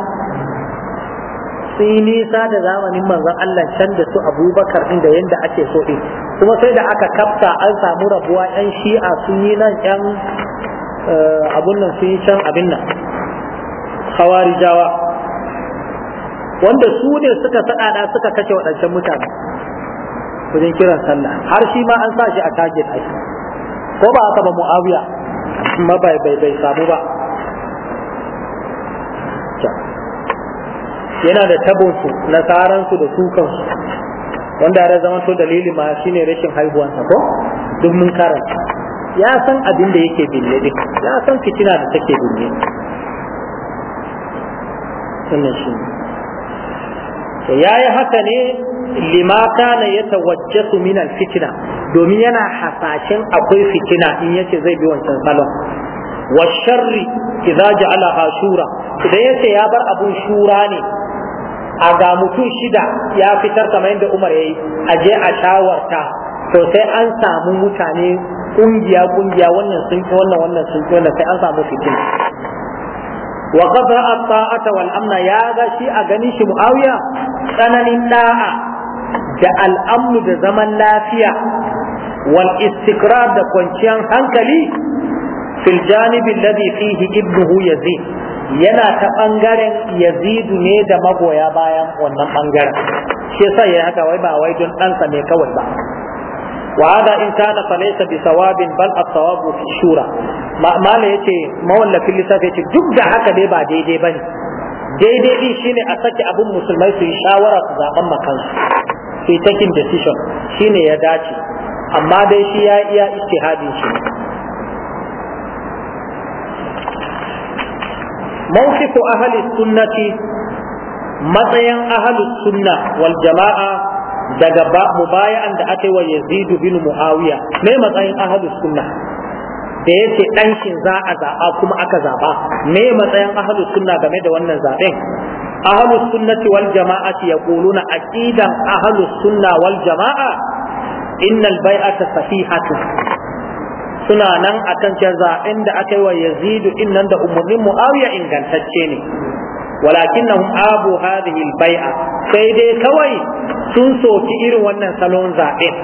sun yi nisa da zamanin manzon Allah can da su abubakar din da yanda ake so din kuma sai da aka kafta an samu rabuwa yan shi'a sun yi nan yan eh, abun nan sun yi can abin nan hawarijawa wanda su ne suka saɗaɗa suka kashe waɗancan mutane wajen kiran sallah har shi ma an sa shi a target ai ko ba haka ba mu'awiya ma bai bai bai samu ba yana da tabonsu nasaransu da sukansu wanda ya zama to dalili ma shine rashin haihuwansa ko duk mun karanta ya san abin da yake binne din ya san fitina da take binne wannan shi ne to yayi haka ne lima kana yatawajjasu min alfitna domin yana hasashen akwai fitina in yace zai bi wancan salon wa sharri idza ja'ala ashura idan yace ya bar abun shura ne a ga mutum shida ya fitar kamar yadda Umar yayi a je a shawarta to sai an samu mutane kungiya kungiya wannan sun wannan wannan sun wannan sai an samu fitina wa qadra at-ta'ata wal amna ya ga shi a ganin shi Muawiya tsananin da'a da al'amnu da zaman lafiya wal istikrar da kwanciyar hankali fil janibi alladhi fihi ibnuhu Yazid yana ta bangaren Yazid ne da magoya bayan wannan bangaren shi yasa yayi haka wai ba wai don ɗansa ne kawai ba وهذا إن كان فليس بثواب بل الثواب في الشورى ما ما يتي ما ولا في اللسان يتي دب haka dai ba daidai ba ne. daidai din shine a saki abin musulmai su yi shawara su zaben makansu su yi taking decision shine ya dace amma dai shi ya iya ijtihadin shi mawqifu ahli sunnati matsayin ahli sunna wal jama'a daga mubaya'an da aka yi wa Yazidu bin Muawiya me matsayin ahlus sunna da yace dan za a zaba kuma aka zaba me matsayin ahlus sunna game da wannan zaben ahlus sunnati wal jama'ati yaquluna aqidan ahlus sunna wal jama'a innal bai'ata sahihatu suna nan akan cewa zaben da aka yi wa in nan da umarnin Muawiya ingantacce ne ولكنهم أبو هذه Sai dai kawai. sun soki irin wannan salon zaɓen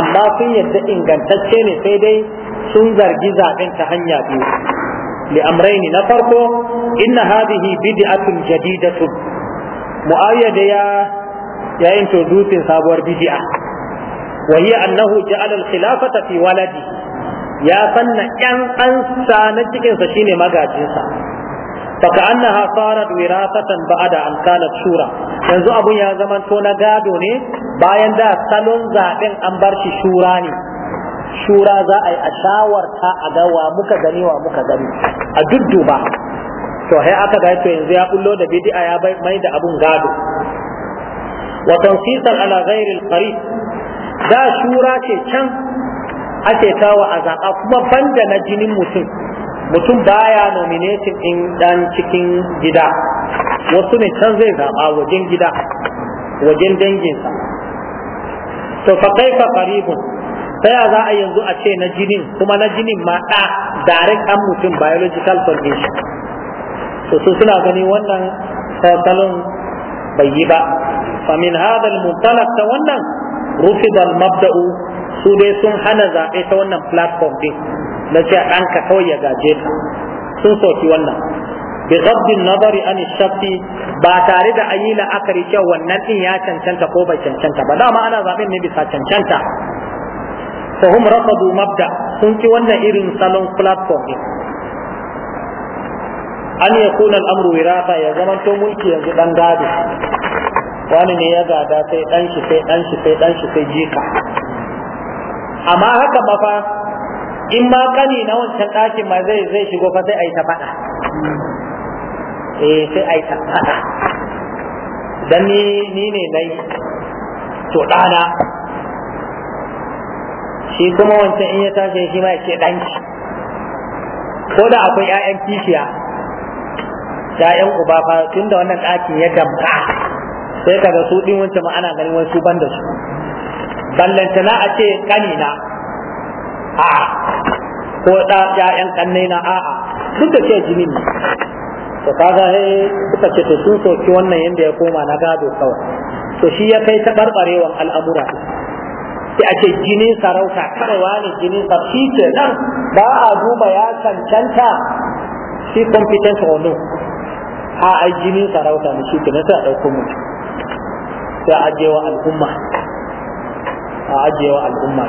amma sun yadda ingantacce ne sai dai sun zargi zaɓen ta hanya biyu li'amraini na farko inna hadhihi bid'atun jadidatun muayyada ya ya introducing sabuwar bid'a wa hiya annahu ja'ala al-khilafata fi waladi ya sanna yan ansa na cikin sa shine magajinsa Baka annaha sarat wirasatan ba'da an kanat shura yanzu abun ya zaman to na gado ne bayan da salon zaben an bar shi shura ne shura za a yi ta a ga wa muka gani wa muka gani a dudduba to sai aka ga yanzu ya bullo da bid'a ya bai mai da abun gado wa tansisan ala ghairi al da shura ce can ake kawo a zaɓa kuma banda na jinin mutum mutum baya nominating in dan cikin gida wasu ne can zai zaɓa wajen gida wajen danginsa to fa kaifa qaribun ta ya za a yanzu a ce na jinin kuma na jinin ma ɗa direct an mutum biological condition to su suna gani wannan salon bai yi ba fa min hada al ta wannan rufida al-mabda'u su dai sun hana zaɓe ta wannan platform din na ce ɗanka kawai ya gaje ka sun soki wannan bi ghaddin nazari an shafi ba tare da ayi la'akari cewa wannan din ya cancanta ko bai cancanta ba dama ana zaɓin ne bisa cancanta fa hum rafadu mabda sun ki wannan irin salon platform din an yakuna al-amru wirasa ya zamanto mulki yanzu dan gado wani ne ya gada sai dan shi sai dan shi sai dan shi sai jika amma haka ba fa in ma kani na wancan ɗakin ma zai zai shigo fa sai a yi ta faɗa eh sai a yi ta faɗa dan ni ni ne nai to ɗana shi kuma wancan in ya tashi shi ma ya ce ɗanki ko da akwai 'ya'yan kishiya ‘ya'yan uba fa tun da wannan ɗakin ya damka sai kaga su ɗin wancan ma ana ganin wasu ban da su ballantana a ce ƙanina a'a ko da ƴaƴan kanne na a'a da ce jinin ne to kaga he eh, suka ce to sun soki wannan yanda ya koma na gado kawai to shi ya kai taɓarɓarewan al'amura sai ake jinin sarauta kawai wani jinin shi ce nan ba a duba ya cancanta shi competent or no a ai jinin sarauta ne shi ke na sa dauko ɗauko mutum sai a je wa al'umma a ajiyewa al'umma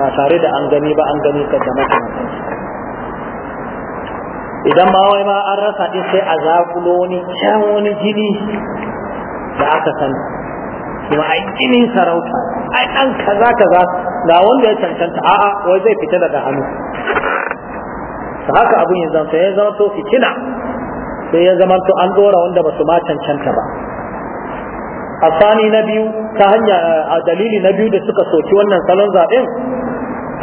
ba tare da an gani ba an gani kan jama'a idan ba wai ma an rasa din sai a zakulo wani can wani jini da aka sani kuma a jinin sarauta ai dan kaza kaza ga wanda ya cancanta a'a wai zai fita daga hannu ta haka abun ya zama sai ya zama to fitina sai ya zama to an dora wanda ba su ma cancanta ba asani na biyu ta hanya a dalili na biyu da suka soki wannan salon zaben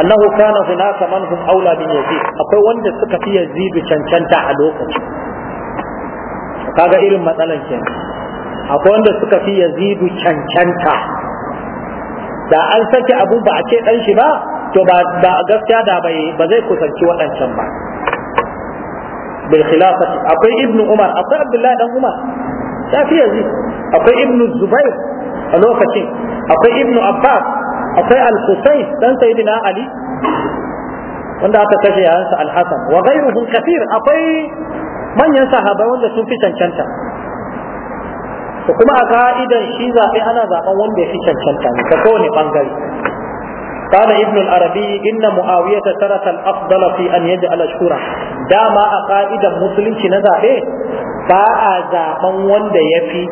annahu kana hunaka kaman hum aula bin yazid akwai wanda suka fi yazid cancanta a lokacin kaga irin matsalan kenan akwai wanda suka fi yazid cancanta da an saki abu ba a ce dan shi ba to ba gaskiya da bai ba zai kusanci waɗancan ba bil khilafati akwai ibnu umar akwai abdullahi dan umar ta fi yazid akwai ibn zubair a lokacin akwai ibn abbas akwai al-husayn dan sayyidina ali wanda aka kashe yayansa al-hasan wa ghayruhum kathir akwai manyan sahabai wanda sun fi cancanta to kuma a ka'idan shi zaɓe ana zaɓen wanda ya fi cancanta ne ta kowane ɓangare قال ابن العربي إن معاوية ترك الأفضل في أن يجعل الشورى داما أقائد مسلم شنزا إيه باء زامن وند يفي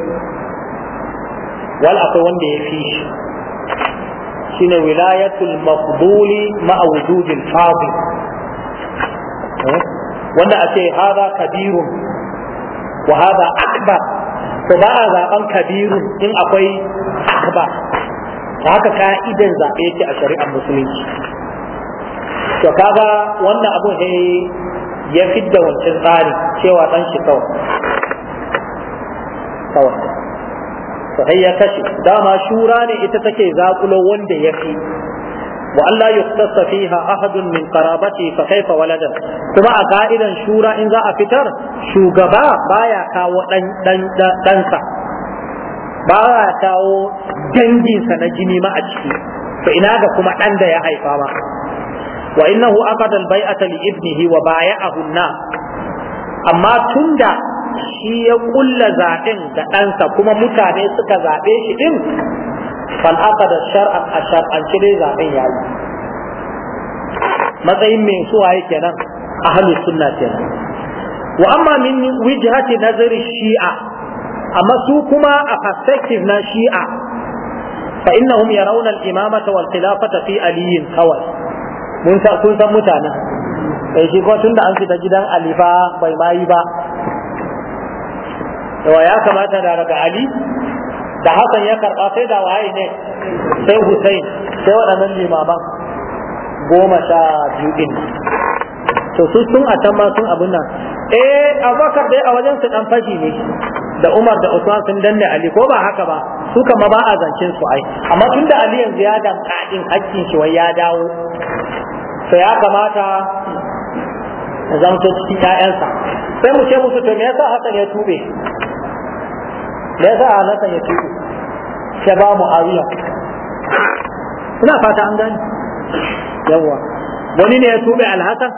wal akwai wanda ya fi shi Shi shine wilayatul maqbuli ma'a wujudil fadi eh? wanda a ce hada kabirun wa hada akbar to ba a zaben kabirun in akwai akbar ta haka ka'idan zaɓe yake a shari'ar musulunci to kaga wannan abu ne ya fidda wancan tsari cewa dan shi kawai kawai sai ya kashe dama shura ne ita take zakulo wanda ya fi wa Allah yuktasa fiha ahadun min qarabati fa kaifa waladan kuma a ka'idan shura in za a fitar shugaba baya kawo dan dan danka baya kawo danginsa na jini ma a ciki to ina ga kuma dan da ya haifa ma wa innahu aqada al-bai'ata li ibnihi wa baya'ahu an amma tunda shi ya kulla zaɓen da ɗansa kuma mutane suka zaɓe shi ɗin fal'afa da shar'an a shar'ance dai zaɓen ya yi matsayin mai ke nan a halin ke kenan wa amma min wijhati nazari shi'a amma su kuma a perspective na shi'a fa innahum yarawna al-imamata wal khilafata fi aliyin kawai mun san kun san mutanen shi ko tunda an fita gidan alifa bai mayi ba wa ya kamata da daga ali da hasan ya karba sai da waye ne sai hussein sai waɗannan limaman goma sha biyu ɗin to su sun a can ma sun abun nan eh abubakar dai a wajen su dan faji ne da umar da usman sun danne ali ko ba haka ba su kama ba a zancen su ai amma tunda ali yanzu ya dan kadin hakkin shi wai ya dawo to ya kamata zan zamto cikin ƴaƴansa sai mu ce musu to me yasa hasan ya tube da ya sa a nasan ya ce ya ba mu awiya ina fata an gani yawa wani ne ya tuɓe alhassan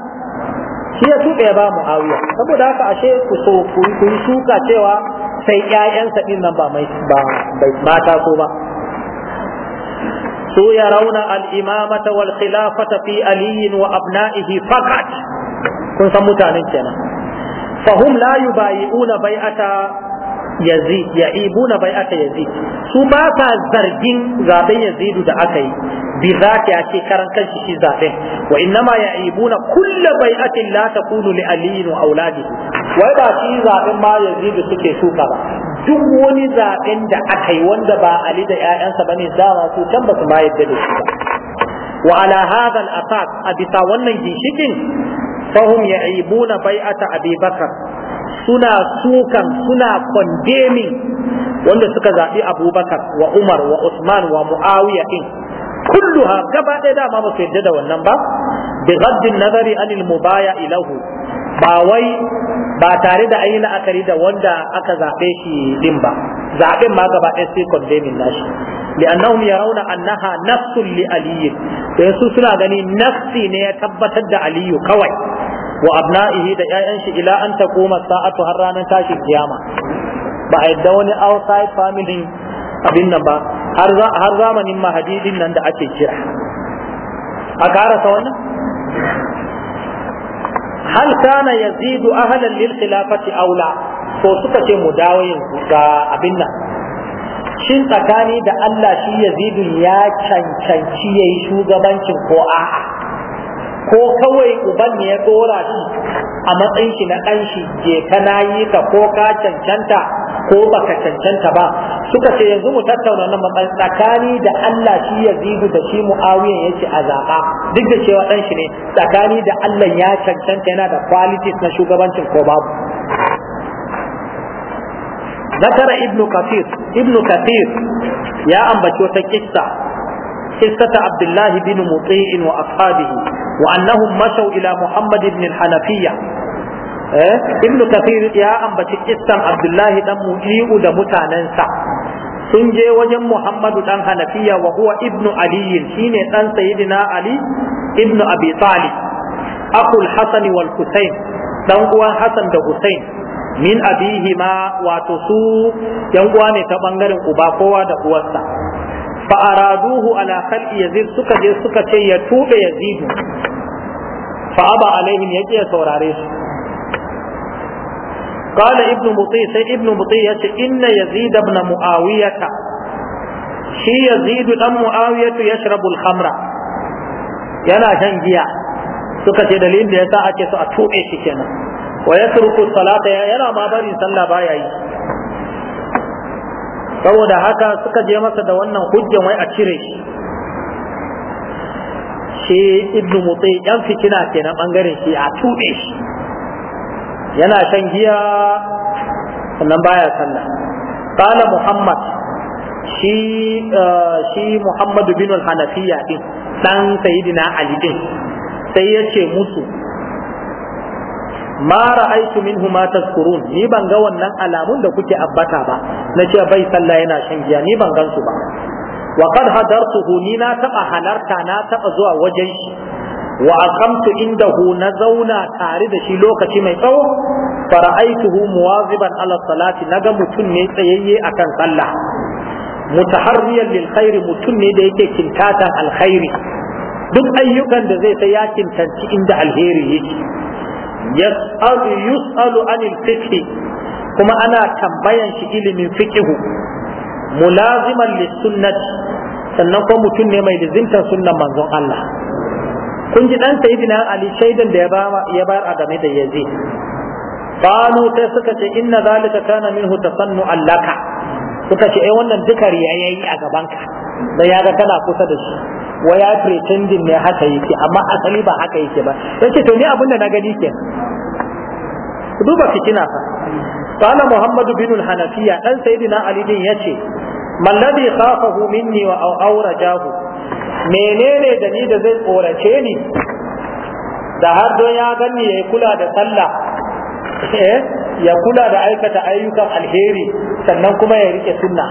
shi ya tuɓe ya ba mu awiya saboda haka ashe ku so ku yi shuka cewa sai ƴaƴansa ɗin nan ba mata ko ba su ya rauna al'imamata wal khilafata fi aliyin wa abna'ihi fakat kun san mutanen kenan fahum la yubayi'una bai'ata yazid ya ibuna bai aka yazid su ba sa zargin zaben yazidu da aka yi bi zati a ce karan kanshi shi zaben wa innama ya ibuna kulla bai aka la kunu li aliyin wa auladi wai ba shi zaben ma yazidu suke shuka ba duk wani zaben da aka yi wanda ba ali da ƴaƴansa ne dama su can ba su ma yadda da shi ba wa ala hadha al-asas a bisa wannan ginshikin fahum ya'ibuna bai'ata Abi Bakar suna sukan suna condemning wanda suka zaɓi Abubakar wa Umar wa Usman wa Muawiya din kulluha gaba ɗaya dama ba su yadda da wannan ba bi ghaddin nazari anil mubaya ilahu ba wai ba tare da ayi la'akari da wanda aka zaɓe shi din ba zaɓen ma gaba ɗaya sai condemning rauna لأنهم يرون أنها نفس لعلي فيسوع سنا غني نفسي ne ya tabbatar da Aliyu kawai. wa abna'ihi da ƴaƴan shi ila an taquma sa'atu har ranar tashin kiyama ba a yadda wani outside family abin nan ba har har zamanin mahadidin nan da ake kira a karasa wannan hal kana yazidu ahlan lil khilafati aula ko suka ce mu dawo yanzu ga abin nan shin tsakani da Allah shi yazidu ya cancanci yayi shugabancin ko a'a ko kawai uban ne ya dora shi a matsayin shi na ɗan shi je ka nayi ka ko ka cancanta ko baka cancanta ba suka ce yanzu mu tattauna nan matsayin tsakani da Allah shi ya zigu da shi mu'awiyan yace a zaɓa duk da cewa ɗan shi ne tsakani da Allah ya cancanta yana da qualities na shugabancin ko babu ذكر ابن كثير ابن كثير يا أم بشوتك قصة قصة عبد الله بن مطيع وأصحابه وأنهم مشوا إلى محمد بن الحنفية إيه؟ ابن كثير يا أم بتكسم عبد الله دم مجيء دمتا ننسى سنجي وجم محمد دم حنفية وهو ابن علي حين أن سيدنا علي ابن أبي طالب أخو الحسن والحسين دم حسن ده حسين min abihima wato su yan uwa ne ta bangaren uba kowa da uwarsa fa araduhu ala khalqi yazid suka je suka ce ya tube yazid fa aba alaihim ya ƙi saurare su قال ابن بطي سي ابن بطي إن يزيد بن معاوية شي يزيد بن معاوية يشرب الخمر ينا شنجيا سكة دليل ليسا أكي سأتوب إيشي كنا ويترك الصلاة ينا ما بري صلى بايا إيشي saboda haka suka je masa da wannan hujjan wai a cire shi sai ibnu mutsi yan fitina kenan bangaren shi a tube shi yana shan giya sannan baya sallah qala muhammad shi uh, shi bin al-hanafiya din dan sayyidina ali din sai yace musu ma ra'aytu minhu ma tazkurun ni ban ga wannan alamun da kuke abbata ba na ce bai sallah yana shan giya ni ban gansu ba wa hadar hadartuhu na taɓa halarta na taɓa zuwa wajen shi wa aqamtu indahu na zauna tare da shi lokaci mai tsawo fara'aituhu muwaziban ala na ga mutum ne tsayayye akan sallah mutaharriyan lil mutum ne da yake kintatan alkhairi duk ayyukan da zai ta ya kintanci inda alheri yake yas'alu yus'alu anil fiqh kuma ana tambayan shi ilimin fiqh mulaziman lissunnati sannan ko mutum ne mai lizimtar sunnan manzon Allah kun ji dan sayyidina Ali shaidan da ya bayar a game da Yazid قالوا تسكت inna ذلك كان منه تصنع allaka suka ce ai eh, wannan duka riya yayi a ka. dan ya ga kana kusa da shi wa ya pretending ne haka yake amma asali ba haka yake ba yace to ni abin da na gani ke duba fitina fa قال محمد بن الحنفية أن سيدنا علي بن يشي ما الذي خافه مني وأورجاه menene da ni da zai tsorace ni da har don ya ganni ya kula da sallah ya kula da aikata ayyukan alheri sannan kuma ya rike sunna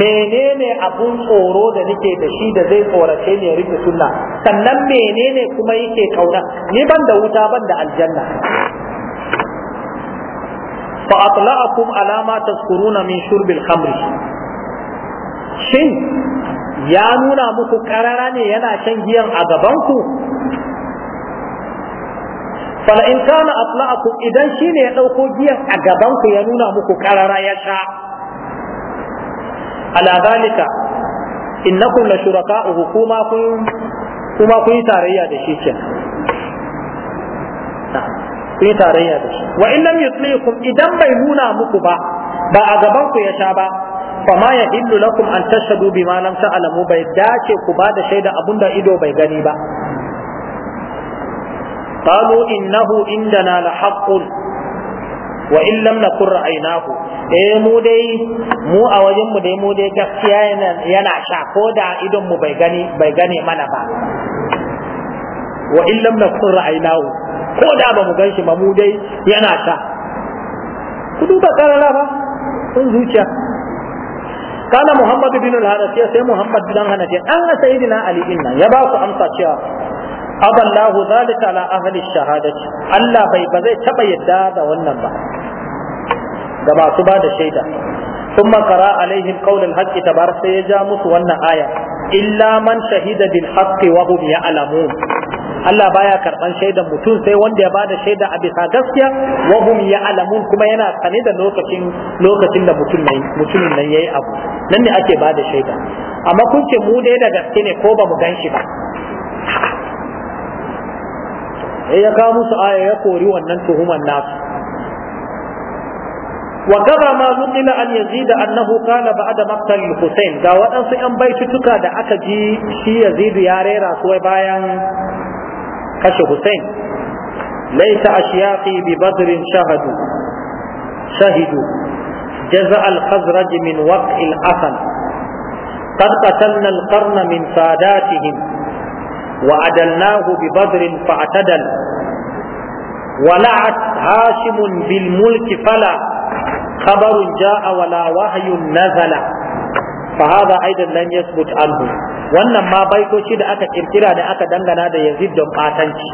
menene abun tsoro da nake da shi da zai tsorace ni ya rike sunna sannan menene kuma yake kauna ni ban da wuta ban da aljanna Ku atla'akum ala ma tazkuruna min shurbil khamri shin ya nuna muku karara ne yana shan giyan a gaban ku fala in kana atla'akum idan shine ya ɗauko giyan a gaban ya nuna muku karara ya sha ala zalika innakum kuma kun kuma kun tarayya da shi ku tarayya da shi wa in lam yuslikum idan bai nuna muku ba ba a gaban ku ya sha ba fa ma yahillu lakum an tashhadu bima lam ta'lamu bai dace ku ba da shaida abunda ido bai gani ba قالوا إنه عندنا لحق وإن لم نكن رأيناه eh mu dai mu a wajen mu dai mu dai gaskiya yana sha ko da idon mu bai gani bai gane mana ba wa in lam nakun ra'aynahu ko da ba mu gan shi ba mu dai yana ta ku duba karara ba sun zuciya kana muhammad bin al-hanafi sai muhammad bin hana hanafi an sayyidina ali inna ya ba ku amsa cewa aballahu zalika ala ahli shahadati Allah bai ba zai taba yadda da wannan ba ga masu ba da shaida ثم قرأ عليهم قول الحق تبارك سيجا مس وانا آية إلا من شهد بالحق وهم يعلمون Allah baya karban shaidan mutum sai wanda ya bada shaida a bisa gaskiya wa hum ya'lamun kuma yana sane da lokacin lokacin da mutum nan mutumin nan yayi abu nan ne ake bada shaida amma kun ce mu dai da gaske ne ko ba mu ganshi ba sai ya kawo musu aya ya kori wannan tuhuman nasu wa gaba ma nukila an yazida annahu kana ba'da maqtal Hussein ga waɗansu 'yan baitutuka da aka ji shi Yazidu ya rera su bayan قش حسين ليس أشياقي ببدر شهدوا شهدوا جزاء الخزرج من وقع الأثم قد قتلنا القرن من ساداتهم وعدلناه ببدر فاعتدل ولعت هاشم بالملك فلا خبر جاء ولا وهي نزل فهذا aidan لن يثبت عنه wannan ma baitoci da aka kirkira da aka dangana da yazid don katanci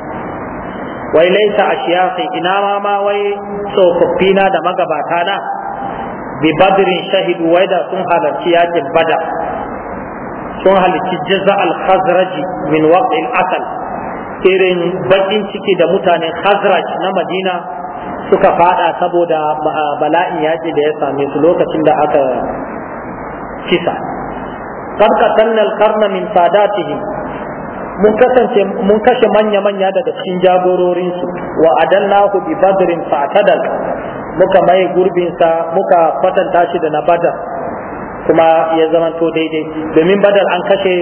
wai laisa a shiyafi ina ma ma wai tsofaffi na da magabata na bi badrin shahidu wai da sun halarci yakin bada sun halarci jaza al-khazraji min waqil asal irin bakin ciki da mutanen khazraj na madina suka fada saboda ah, bala'in yaki da ya same su lokacin da aka kisa kar ka al-qarna min sadatihim mun kasance mun kashe manya-manya daga cikin jagororinsu wa adallahu bi badrin fa'tadal muka mai gurbinsa muka kwatanta shi da na badar kuma ya zamanto daidai domin badar an kashe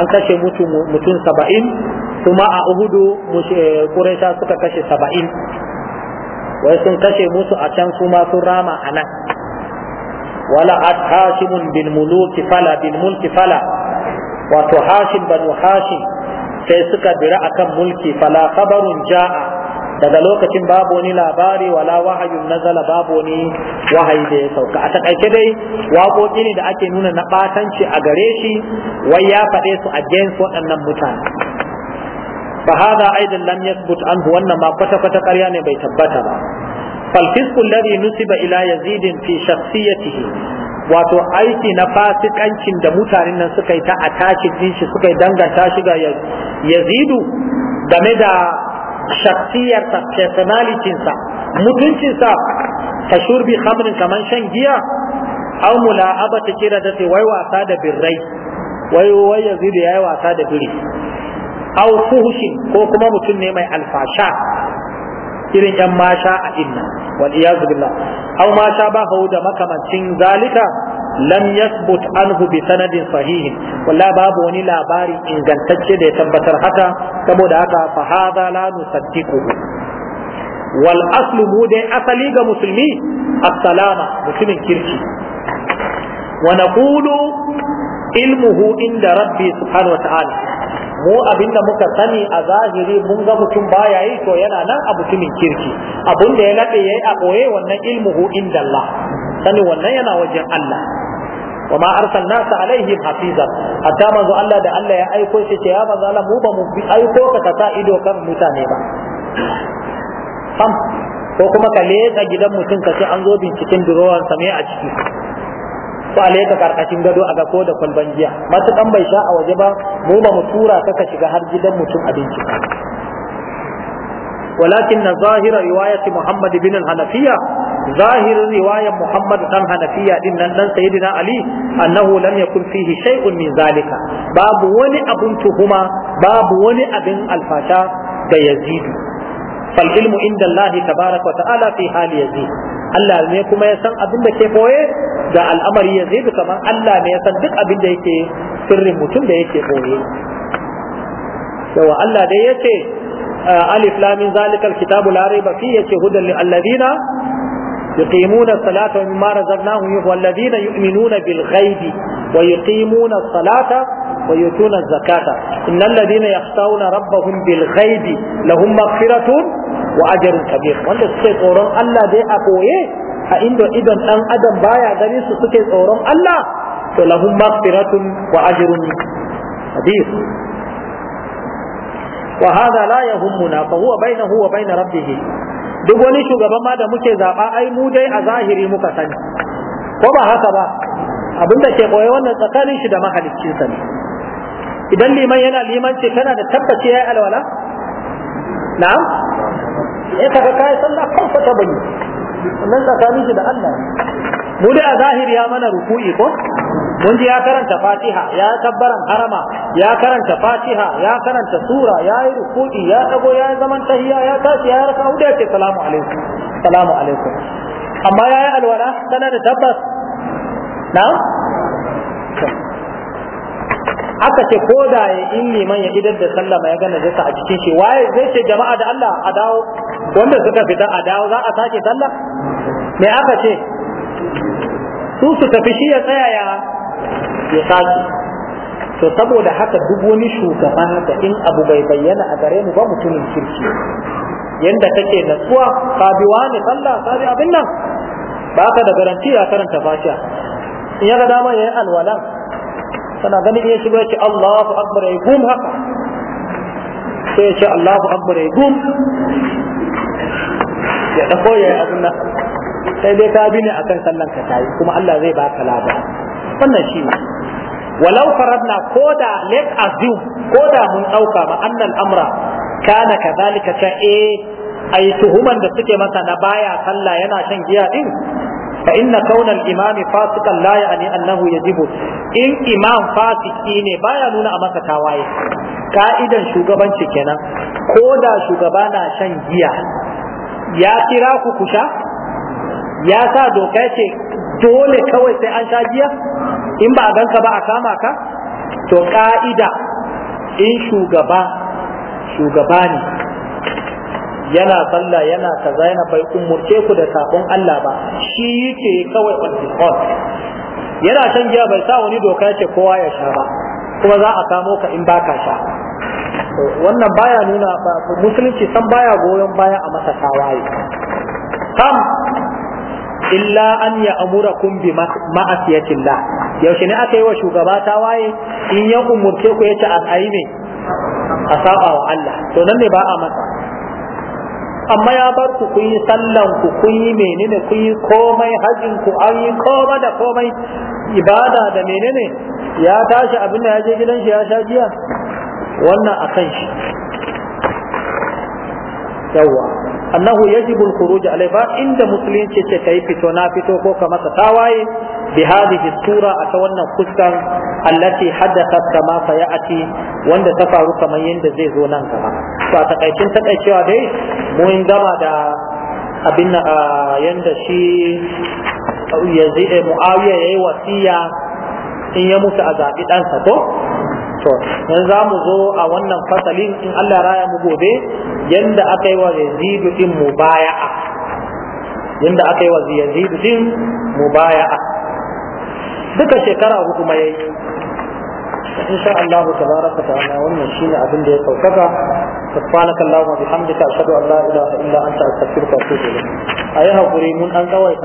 an kashe mutum saba'in kuma a uhudu ƙuraisha eh, suka kashe saba'in wai sun kashe musu a can kuma sun rama a nan ولعت هاشم بالملوك فلا بالملك فلا wato hashim banu hashim sai suka bira akan mulki fala ja'a daga lokacin babu wani labari wala wahayun nazala babu wani wahayi da ya sauka a takaice dai waƙoƙi ne da ake nuna na ɓatanci a gare shi wai ya faɗe su against waɗannan mutane fa hada aidan lam yathbut anhu wannan ma kwata kwata ƙarya ne bai tabbata ba فالفسق الذي نسب إلى يزيد في شخصيته wato aiki na fasikancin da mutanen nan suka yi ta attachin din shi suka yi danganta shi ga yazidu game da sa mutuncin mutuncinsa ta shurbi khamrin kaman shan giya aw mula'abata kira da wai wasa da birrai wai wai yazidu yayi wasa da biri aw fuhushi ko kuma mutum ne mai alfasha irin yan masha a inna wal iyaz billah aw masha ba hu da makamancin zalika lam yasbut anhu bi sanadin sahihin wallahi babu wani labari ingantacce da ya tabbatar haka saboda haka fa hadha la nusaddiqu wal aslu asali ga musulmi as mutumin kirki wa naqulu ilmuhu inda rabbi subhanahu wa ta'ala mu abinda muka sani a zahiri mun ga mutum baya yi to yana nan a mutumin kirki abinda ya laɓe yayi a ɓoye wannan ilmuhu inda Allah sani wannan yana wajen Allah wa ma arsalna alaihim hafiza hatta manzo Allah da Allah ya aiko shi ce ya manzo Allah mu ba mu aiko ka ta sa ido kan mutane ba Fam ko kuma ka leƙa gidan mutum ka ce an zo binciken durowar sa ne a ciki kwale ka karkashin gado a ko da kwalban jiya matukan bai sha a waje ba mu ba mu tura ka ka shiga har gidan mutum abinci ولكن ظاهر رواية محمد بن الحنفية ظاهر رواية محمد بن الحنفية إن نن سيدنا علي أنه لم يكن فيه شيء من ذلك باب ولي أبن تهما باب ولي أبن الفاشا يزيد فالعلم عند الله تبارك وتعالى في حال يزيد Allah ne kuma ya san abin da ke boye da al'amari ya zai kamar Allah ne ya san duk abin da yake sirrin mutum da yake boye. Yawa Allah dai ya ce ah, alif lamin zalikar kitabu larai ba fi ya ce hudun alladina yuqimuna salata wa mimma razaqnahum yuhu alladina yu'minuna bil ghaibi wa yuqimuna salata wa yutuna zakata innal ladina yakhshawna rabbahum bil ghaibi lahum maghfiratun wa ajrun kabir wanda suke tsoron Allah dai a koye a inda idan dan adam baya gani su suke tsoron Allah to lahum maghfiratun wa ajrun kabir wa hada la yahummuna fa huwa bainahu wa bain rabbih duk wani shugaban ma da muke zaba ai mu dai a zahiri muka sani ko ba haka ba abinda ke koyi wannan tsakanin shi da mahalicci sani, idan liman yana limanci kana da tabbaci yayi alwala na'am ya kaga kai sallah comfortable wannan tsakanin shi da Allah mu a zahiri ya mana ruku'i ko mun ji ya karanta fatiha ya kabbaran harama ya karanta fatiha ya karanta sura ya yi ruku'i ya dago ya zaman tahiyya ya tashi ya raka hudu ce salamu alaikum salamu alaikum amma ya yi alwala tana da tabbas na'am aka ce ko da ya in liman ya idar da sallama ya gana zata a cikin shi waye zai ce jama'a da Allah a dawo wanda suka fita a dawo za a sake sallah me aka ce su su tafi shi ya tsaya ya ya sake to saboda haka duk wani shugaban haka in abu bai bayyana a gare mu ba mutumin kirki yanda kake natsuwa ka bi wani sallah ka bi abin nan ba ka da garanti ya karanta fatiha in ya ga dama ya yi alwala kana ganin iya shigo ya ce Allahu akbar ya gum haka sai ya ce Allahu akbar ya gum ya dako ya yi sai dai ta bi ne akan sallan ka tayi kuma Allah zai baka lada wannan shi ne walau faradna ko da let assume ko da mun dauka ma annal amra kana kadhalika ta eh ai tuhuman da suke masa na baya sallah yana shan giya din fa inna kauna al-imami fasikan la ya'ni annahu yajibu in imam fasiki ne baya nuna a masa tawaye ka'idan shugabanci kenan ko da shugaba na shan giya ya kira ku kusha ya sa doka ce dole kawai sai an sha giya in ba a gan ka ba a kama ka to ka'ida in shugaba shugaba ne yana sallah yana kaza yana bai umurce ku da sabon Allah ba shi yake kawai on yana can giya bai sa wani doka ce kowa ya sha ba kuma za a kamo ka in baka sha wannan baya nuna musulunci san baya goyon baya a masa tawaye kam illa an ya amura kun bi ma'asiyatillah yaushe ne aka yi wa shugaba tawaye in ya umurce ku yace a ne a saba wa Allah to nan ne ba a masa amma ya bar ku ku yi sallan ku ku yi menene ku yi komai hajin ku an yi komai da komai ibada da menene ya tashi abin da ya je gidan shi ya sha jiya wannan akan shi yawa annahu yajibu al-khuruj alai ba inda musulunci ce kai fito na fito ko ka masa tawaye bi hadhihi sura ata wannan fuskan allati haddatha kama sayati wanda ta faru kamar yanda zai zo nan gaba to a takaicin takaicewa dai mun gama da abin na yanda shi yazid muawiya yayi wasiya in ya mutu a zabi ɗansa to to yanzu za mu zo a wannan fasalin in Allah raya mu gobe yanda aka yi wa yazidu din mubaya'a yanda aka yi wa yazidu din duka shekara hudu ma Allah wannan abin da ya saukaka subhanaka allahumma bihamdika ashhadu an la ilaha illa anta astaghfiruka wa atubu ilayk ayi hakuri mun an kawai